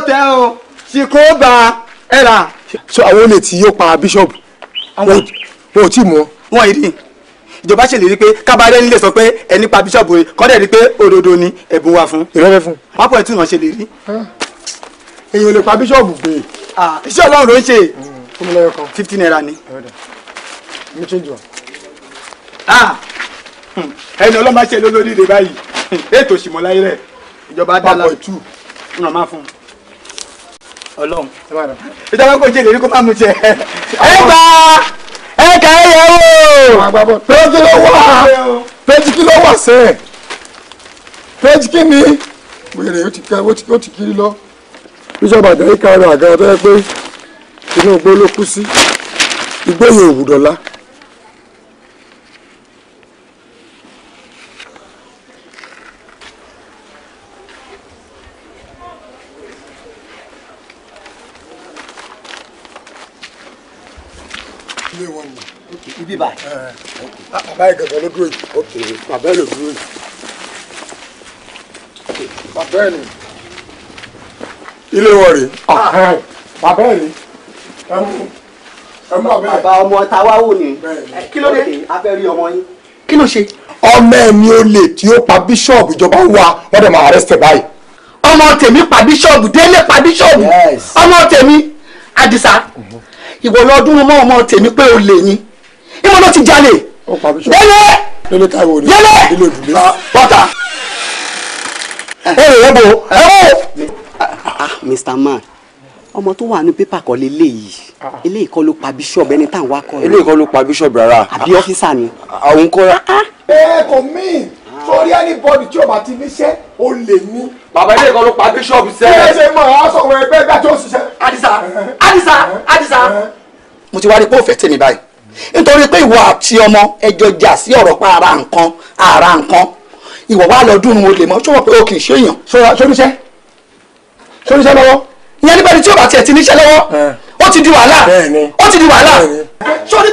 tẹ o sì kó bá ẹ rà. so àwọn olè tí yóò pa bíṣọ̀bù wọn ò tí ì mú ọ. wọn yìí rí ìjọba ṣèlérí pé kábàárẹ̀ nílé sọ pé ẹni pa bíṣọ̀bù rẹ̀ kọ́dẹ̀ rí pé òdodo ni ẹ̀bùn wà fún. ìrẹ́lẹ̀ fún. wọ́n pọ̀ tí wọ́n ṣèlérí. èyí ò lè pa bíṣọ̀bù gbé. iṣẹ́ ọlọ́run ló ń ṣe. Mm, fún mi lẹ́yọ kan. fifty naira ni. mi tún jù ọ. ẹni ọlọ́mọ ṣe lólórí rẹ̀ báyìí ètò ìṣìmọ̀láyé rẹ̀ ìjọba dá lábẹ́. papọ̀ ìtù. ń ràn má fún un. Ọlọ́run ìjọba kò jèlè rí kó má mú tiẹ. ẹ gbà ẹ kà ẹ yẹ wò péjì ló wà péjì kí ló wà sẹ péjì kí ni wèrè ó ti ká ó ti kiri lọ. bíṣọ̀bù àjọyíká rẹ̀ àgàrà tó yẹ pé inú igbó ló kú sí igbó yóò ilé wọn ni. ibi báyìí. bàbá eh. ah, ah, yìí gàgà ló dúró yìí. bàbá yìí ló dúró yìí. bàbá yìí ni. ilé wọn rèé. Ah, bàbá yìí ni. ẹ mú ẹ mú bàbá yìí. bàbá ọmọ tàwa wò ni eh, kí ló dé a fẹ́ rí ọmọ yín kí ló ṣe. ọmọ ẹ ni ó lè tí ó pa bíṣọ̀bù ìjọba ń wa wọ́n dẹ̀ máa arrest báyìí. ọmọ tèmi pa bíṣọ̀bù délé pa bíṣọ̀bù ọmọ tèmi àdìsá mhm ìwọ lọ́dún mọ́ ọmọ tèmi pé o lè ní ìmọ̀ ló ti jalè délé délé ah, bọ́tà ẹ̀rọ ẹ̀bọ ẹ̀rọ. Mr. Man ọmọ tó wà ní pépà kọ́ leléyìí ah, ah. eléyìí kọ́ ló pa bishop ẹni tá à ń wá kọ́ ẹ. eléyìí kọ́ ló pa bishop rárá. àbí ọ́fíìsà ni. àwọn kọ́ra. ẹ kò mí sórí anybody tí o bá ti níṣẹ́ o lè ní bàbá ilé kan ló pa bíṣọ́ọ̀bù sẹ́. kí ló ṣe mọ̀ ọ́ sọ̀rọ̀ ẹgbẹ́ gbà tó ṣiṣẹ́. Adisa Adisa Adisa. mo ti wá rí pé ó fẹ́ tèmi báyìí nítorí pé ìwọ àti ọmọ ẹjọ jà sí ọ̀rọ̀ pa ara nǹkan ara nǹkan ìwọ wa lọ dùn mo lè mọ ṣọwọ́ pé o kì í ṣe èèyàn. sóríṣẹ́ sóríṣẹ́ lọ́wọ́ ìyẹn nígbà tí o bá tiẹ̀ ti níṣẹ́ lọ́wọ́ ó ti di wàhálà ó ti di wàhálà. sórí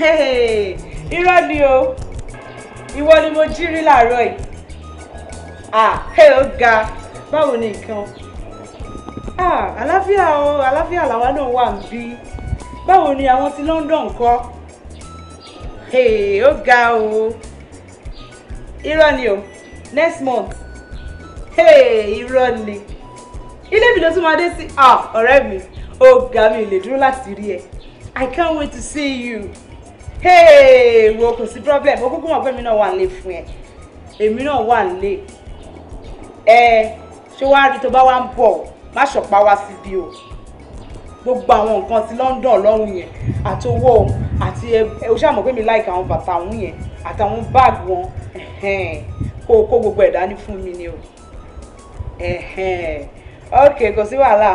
irọ́ ni o ìwọ ni mo jí rí làárọ̀ yìí ah ó ga báwo ni nǹkan ah àlàáfíà o àlàáfíà làwa náà wà ń bí báwo ni àwọn ti London kọ́ ó ga o irọ́ ni o next month irọ́ ni ilé mi ló tún máa dé sí ọ̀rẹ́ mi ó ga mi lè dúró láti rí ẹ I can't wait to see you wo kò sí problem o kúkú mọ̀ pé èmi náà wà nílé fún ẹ èmi náà wà nílé ẹ ṣé wàá rí tó bá wá ń bọ̀ má ṣọ̀pá wá síbi o gbogbo àwọn nǹkan ti London lọ́hùn yẹn àti owó àti ẹ o ṣáà mọ̀ pé mi láìka àwọn bàtà ọ̀hún yẹn àtàwọn báàgì wọn kó kó gbogbo ẹ̀ dání fún mi ni o ok kò sí wàhálà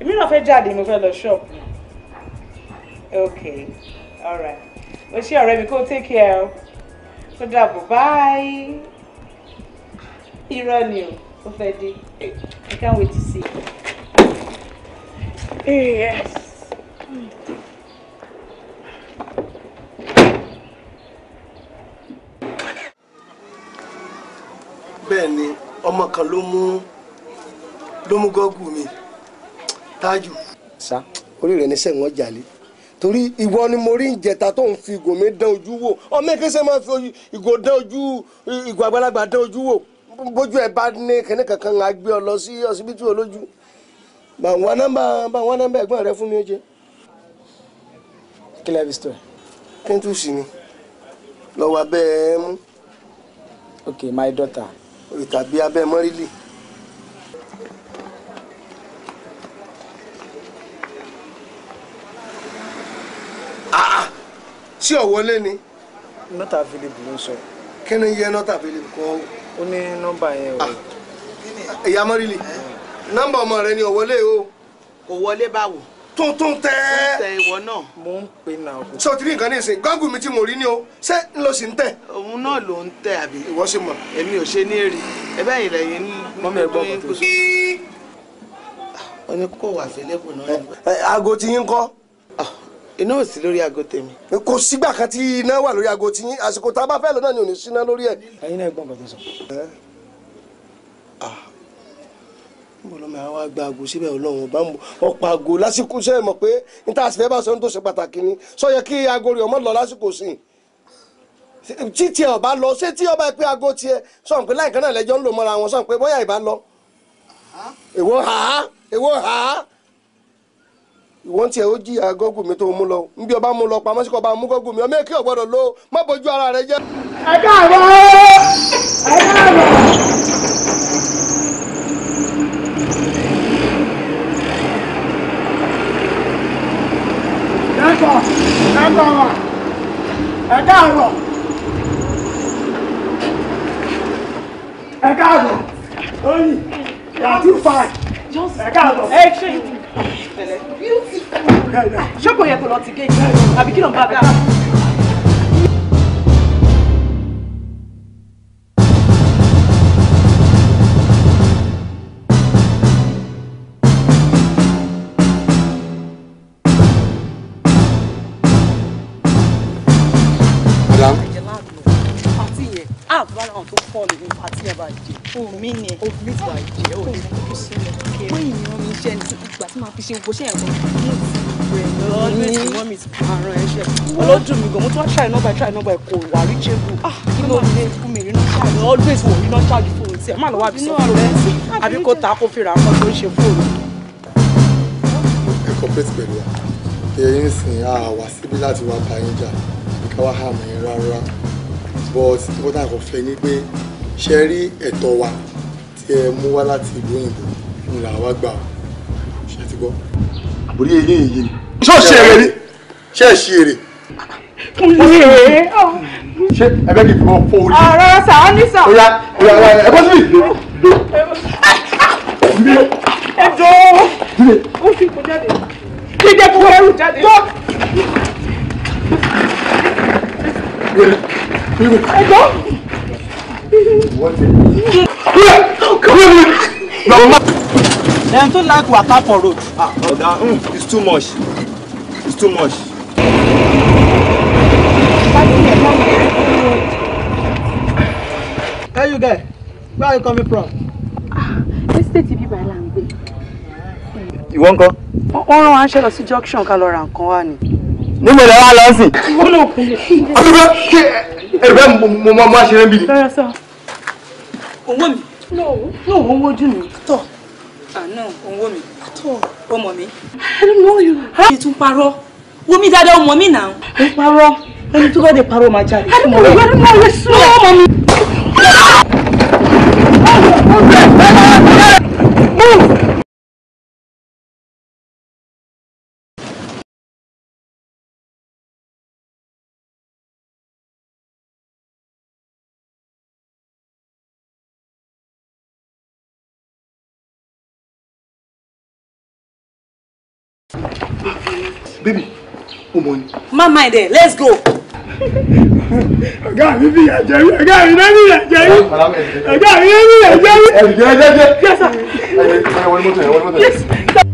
èmi náà fẹ́ jáde mo fẹ́ lọ ṣọ́ọ̀bù ok all o ṣé ọ̀rẹ́ mi kó take care o ó dàbọ̀ báyìí irọ́ ni o ó fẹ́ dé I can't wait to see you. Yes. bẹ́ẹ̀ ni ọmọ kan ló mú ló mú gọ́gù mi tájù. sá orí rẹ̀ ní sẹ́wọ̀n jalè torí ìwọ ni mo rí ìjẹta tó ń fi ìgò mi dán ojú wò ọmọ ìkéṣẹ́ máa fi ìgò dán ojú ìgò àgbàlagbà dán ojú wò bójú ẹ bá ní kíní kankan á gbé ọ lọ sí ọsibítù olójú bá ń wá nọ́mbà bá ń wá nọ́mbà ẹ̀gbọ́n rẹ fún mi ó jẹ. kílẹ̀ bíi story. kẹ́ńtùsì ni lọ́wọ́ abẹ́ ẹ mú. ok my daughter. ìtàbí abẹ́ mọ́rílì. tí ò wọlé ni. not available ló ń sọ. kí ni yẹ not available kọ́. ó ní nọ́mbà yẹn o. Ah. ìyá mọ́rìlì nọ́mbà ọmọ rẹ ni ò wọlé o. kò wọlé báwo. tuntun tẹ. tẹ ìwọ náà. mo ń pè náà. ṣé o ti rí nǹkan ní ìsìn gọ́ọ̀gù mi tí mo rí ni o ṣé n ló sì ń tẹ. òun náà ló ń tẹ àbí. ìwọ sì mọ. èmi ò ṣe ní èrè ẹbẹ́ yìí lẹ́yìn ní. mọ́mí ní kó wà fẹ́lẹ́kùn náà. aago ti yín kọ́. Ah iná ò sí lórí aago tèmi. kò sígbà kan tí iná wà lórí aago tiyín àsìkò tá a bá fẹ́ lọ náà ni ò ní síná lórí ẹ̀. ẹ̀yin náà gbọ́n bàtà sọ. níbo ló máa wá gba aago síbẹ̀ ọlọ́run bá ń bọ̀ ọ̀pọ̀ aago lásìkò ṣe é mọ̀ pé níta àsìfẹ́ bá sọ ní tó ṣe pàtàkì ni sọ yẹ kí aago rẹ̀ ọmọ lọ lásìkò sí i tí tiẹ̀ ọba lọ ṣé tí ọba pé aago tiẹ̀ sọ̀ pé láìka náà lẹ́jọ́ ń lò mọ́ra wọn sọ̀ pé bóyá ìbá lọ. èwo hàá èwo hàá ìwọ́n tiẹ̀ ó jìyà gọ́gù mi tó mú lọ nbí ọba mú lọ pamọ́ sí kọ́ bá mú gọ́gù mi ọmọ èké ọ̀gbọ́dọ̀ ló má bójú ara rẹ jẹ́. ẹ káàbọ̀ ẹ káàbọ̀. ẹ̀kọ́ ẹ̀kọ́ wa ẹ káàbọ̀ ẹ káàbọ̀ oyin yàtú fine ẹ káàbọ̀ ṣọ́kò yẹ kò lọ ti gé yìí àbí kí ló ń bá bá. àwọn tó pọ̀ nínú àti yẹn ah, bá jẹ omi ni omi bàjẹ́ òní kú sílẹ̀ pé ìyàn mi ṣe ní ìgbà tí màá fi ṣe gbóṣẹ́ ẹ̀kọ́ rẹ̀ lọ́dún èyí wọ́n mi àrùn ẹ̀ṣẹ̀ olódùn mi gan mo tún wá try number try number kò wà rí ah, jébù kí ló dé fún mi ríná ṣáàjì always wò ríná ṣáàjì fóònù tiẹ̀ má lọ wá bí sọ fún rẹ̀ àbí kò ta kó fi rà kọ́ tó ń ṣe fóònù. ẹ complete pẹ̀lú wa ẹ̀yin sìn á wá síbí láti wá bá yín jà àbíká wá hàmì rárá but ó dà kó fẹ́ ní pé ṣe rí ẹ̀tọ́ wa tí ẹ mú wá láti ìlú òyìnbó ń là wá gbà ṣe ti gbọ́. àbúrí eyín èyí ni. ṣé ṣe èrè ni ṣé ṣe èrè. ṣé ẹ bẹ́ẹ̀ kì í fọwọ́ fọ orí. ọ̀rọ̀ ah, sà ọ́ ní sà. ọ̀ya ọ̀ya ẹ bọ́ síbí. ẹ jọ ó fi kó jáde kí jẹ́ kó wẹ́rù jáde. ẹ jọ dem too like waka for road. ah oga mm, it's too much it's too much. Hey you guys? where are you coming from? Ah, this state be my language. Ìwọ ńkọ́? Wọ́n rán no, ń ṣe lọ sí junction ká lọ ra nǹkan No ni. Níbo lẹ wá lọ sí? Ìwọ náà kò lè. Àbúrò ẹ̀rọ mo máa ṣe rẹ́ bí. Lọ́rọ̀ sọ owó mi. no no òun ah, wojú mi. tọ. àná òun wo mi. tọ. o mi. i don't know you. mi tún parọ́ wo mi dáadáa o mọ̀ mi náà. o parọ́ ẹni tó kọ́de parọ́ máa jáde. i don't know you i don't know you sùn. o mọ̀ mi. move. baby o mọ ni. má má dẹ let's go. ọ̀gá mi fi yà jẹ́ mi ọ̀gá mi náà mi yà jẹ́ mi ọ̀gá mi Yes. mi yà jẹ́ mi. ẹ̀rù jẹ́ jẹ́ jẹ́. yẹ́sà. ẹ̀wọ̀n ni mo tẹ̀ ẹ̀wọ̀n ni mo tẹ̀.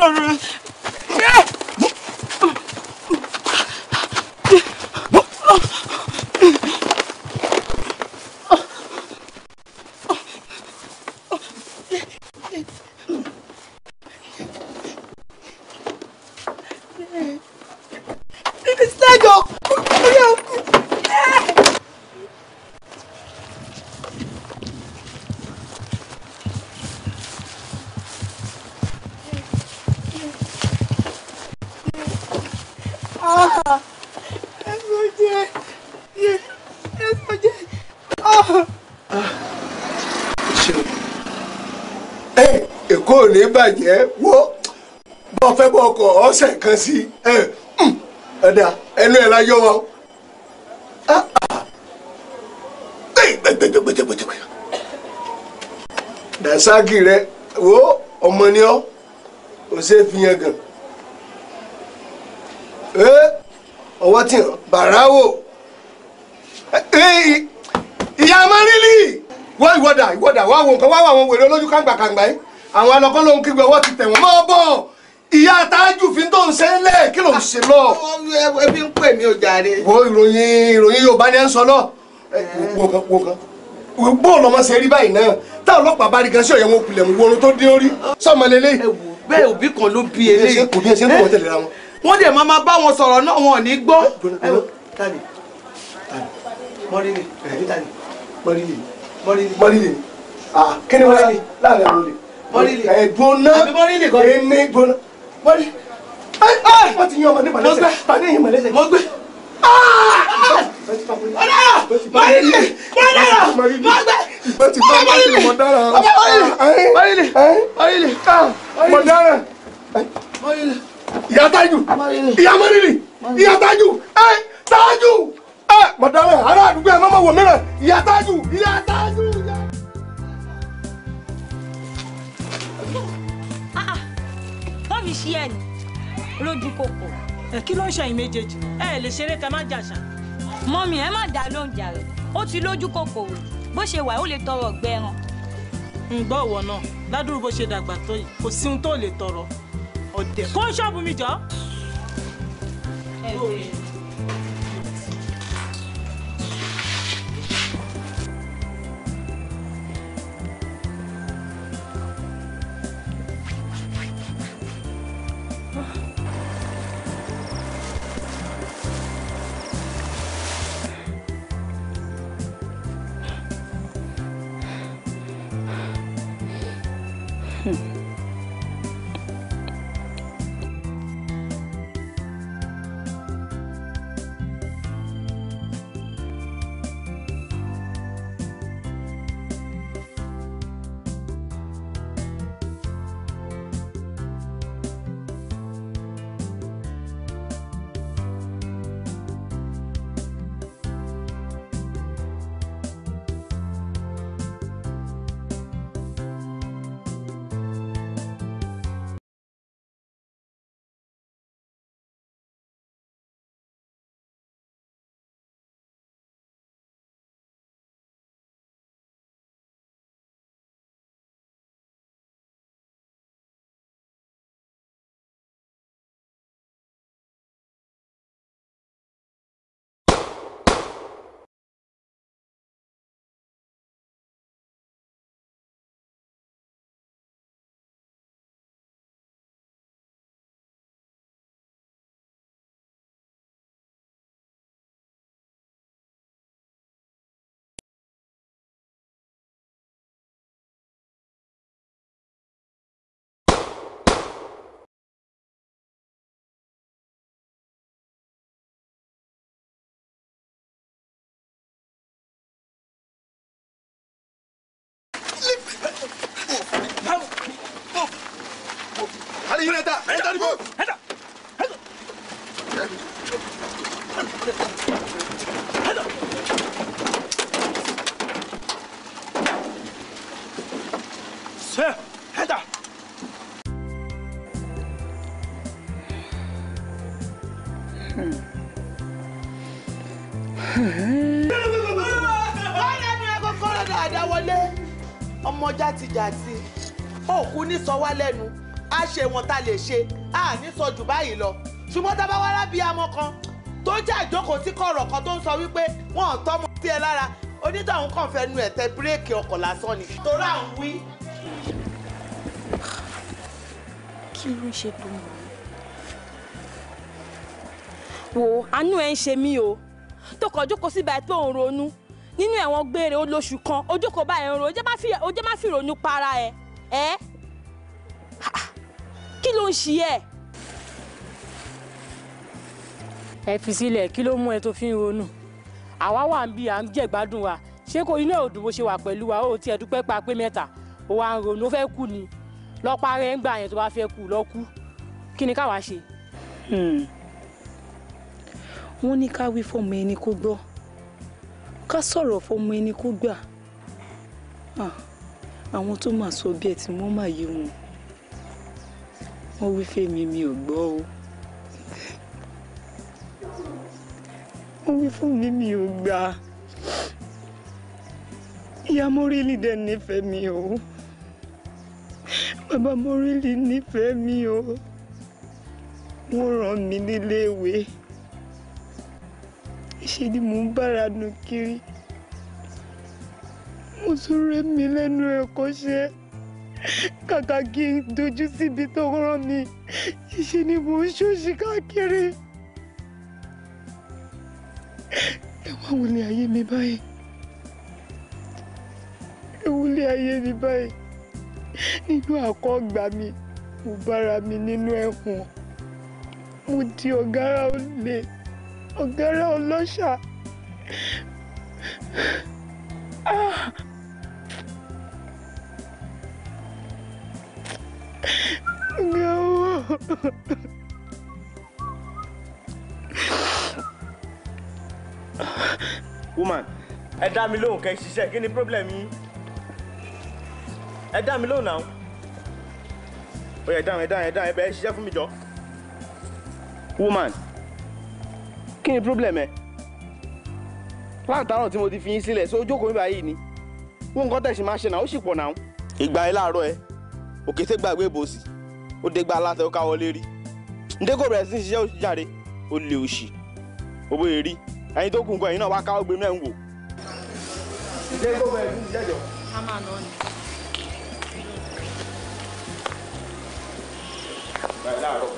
Bye. bàjẹ́ wo bọ́ fẹ́ bọ́ ọkọ̀ ọ̀sẹ̀ kan sí ẹ ọ̀dà ẹnu ẹ̀ láyọ̀ wa ah, ah. dàsáàkì rẹ wo ọmọ ni ọ ò ṣe fi yẹn gàn ọwọ́ tí bàrà wò ìyá amárìlì wọ́n ìwọ́dà ìwọ́dà wọ́n àwọn nǹkan wọ́n àwọn wèrè olójú kàǹgbàkàǹgbà yìí àwọn ẹlọgọ́ ló ń kígbe ọwọ́ ti tẹ̀ wọ́n mọ́ bọ̀ ìyá tájú fi tó ń ṣe é lé kí ló ń ṣe lọ. ebi ń pè mí o jàre. wo ìròyìn ìròyìn Yorùbá ni ẹ ń sọ náà wo kan wo kan bó lọmọ ṣe rí báyìí náà tá ọlọ́pàá bá rí gan sí ọyẹ wọn kulẹ mú tó dín orí sọmọ lélẹ. bẹ́ẹ̀ òbí kan ló bí eléyìí. kò bí ẹ ṣe ń tọwọ́ tẹ̀lé ra wọn. wọ́n dẹ̀ máa máa bá wọn sọ̀rọ̀ náà wọn ò ní gbọ́ ẹ̀gbóná èmi gbóná bọ́lí wọ́n ti yan ọmọ ní mọ̀lẹ́sẹ̀ tani yín mọ̀lẹ́sẹ̀. mo gbé ọ̀dọ́rọ̀ bọ́lí ọ̀dọ́rọ̀ mo gbé ah! bọ́lí mo dára bọ́lí bọ́lí ah, eh. eh. ah, mo dára eh. ìyá tájú ìyá mọ́rìlì ìyá tájú tájú mọ̀dára ará àdúgbò ẹ̀ mọ́mọ́ wò mìíràn ìyá tájú ìyá tájú. fi ṣí ẹ̀ lójú kòkò. kí ló ń ṣe ẹ̀yin méjèèjì ẹ lè ṣeré ká má jàṣà. mọ́mí ẹ má dá lóúnjẹ rẹ̀ ó ti lójú kòkòrò bó ṣe wà ó lè tọrọ ọ̀gbẹ́ ẹran. ń gbọ́ náà ládùúrú bó ṣe dàgbà tó yìí kò sí ohun tó lè tọrọ ọ̀dẹ̀ kó ṣọ́ọ̀bù mi jọ. ẹ bẹ̀rẹ̀ Hadi yürü Eda. Eda bu. Eda. Eda. Eda. Se. Eda. ọmọ játijàti sọ wá lẹ́nu á ṣe wọn tá lè ṣe á ní sọ jù báyìí lọ ṣùgbọ́n tá a bá wá rábí amọ kan tó jẹ́ àjókòó sí kọ̀rọ̀ kan tó ń sọ wípé wọn ò tọ́ ọmọ sí ẹ lára onítọ̀hún kàn fẹ́ nu ẹ̀tẹ́ bírèkì ọkọ̀ lásán ni. torí à wí. kí ló ń ṣe tó mọ̀ wò àánú ẹ̀ ń ṣe mí o tó kọ̀ jókòó síbi àìpé òun ronú nínú ẹ̀wọ̀n gbére olóṣù kan ojókòó báyìí ń ro ó má fi ìrònú para ẹ̀ ẹ́. Eh? ló ń ṣí ẹ. ẹ fi sílẹ̀ kí ló mú ẹ tó fi ń ronú àwa wà ń bí à ń jẹ̀gbádùn wa ṣé kò inú ẹ̀ ò dùn bó ṣe wà pẹ̀lú wa ó tiẹ̀ dúpẹ́ pa pé mẹ́ta ó wà ń ronú ó fẹ́ kú ni lọ́pàá rẹ̀ ń gbà yẹn tó bá fẹ́ kú lọ́kú kí ni káwa ṣe. Hmm. wọ́n ní ká wí fọmọ ẹni kó gbọ́ ká sọ̀rọ̀ fọmọ ẹni kó gbà ah, àwọn tó mà sọ bí ẹ ti mọ́ mà yé wọn wọ́n wí fèmí mi ò gbọ́ o wọ́n wí fún mi mi ò gbà ìyá mọ́rílì dẹ̀ nífẹ̀ẹ́ mi o bàbá mọ́rílì nífẹ̀ẹ́ mi o wọ́n ràn mí níléèwé ṣe ni mò ń bára nu kiri mo tún rẹ́ mi lẹ́nu ẹ̀kọ́ ṣe kàkà kí n dojú síbi tó rán mi ṣe ni mò ń ṣòṣì káàkiri ẹwà wò lè ayé mi báyìí ewu lè ayé mi báyìí nínú àkọ́gbà mi mo bára mi nínú ẹ̀wọ̀n mo di ọ̀gára olè ọ̀gára ọlọ́ṣà. Ah. woman ẹ dá mi lóhùn kẹ́ ṣiṣẹ́ kí ni problem yín ẹ dá mi lóhùn náà ó yẹ dáhùn ẹ dáhùn ẹ dáhùn ẹ bẹ ẹ ṣiṣẹ́ fún mi jọ woman kí ni problem ẹ láǹtàrọ̀ tí mo ti fi yín sílẹ̀ sójú òkú mi báyìí ni wọn nǹkan tẹ̀sí máa ṣe náà ó sì pọ̀ náà. ìgbà yẹn láàárọ̀ ẹ òkété gbàgbé ìbòsì ó dégbà aláṣẹ ó káwọ́ lérí ndégò bẹ̀rẹ̀ sí ṣiṣẹ́ òṣìjáde ó lè òṣì ó bóyá rí ẹyin tó kù nǹkan ẹ̀yin náà wá káwọ́ gbé mẹ́rin wò. sí ṣiṣẹ́ jọ. a máa ni.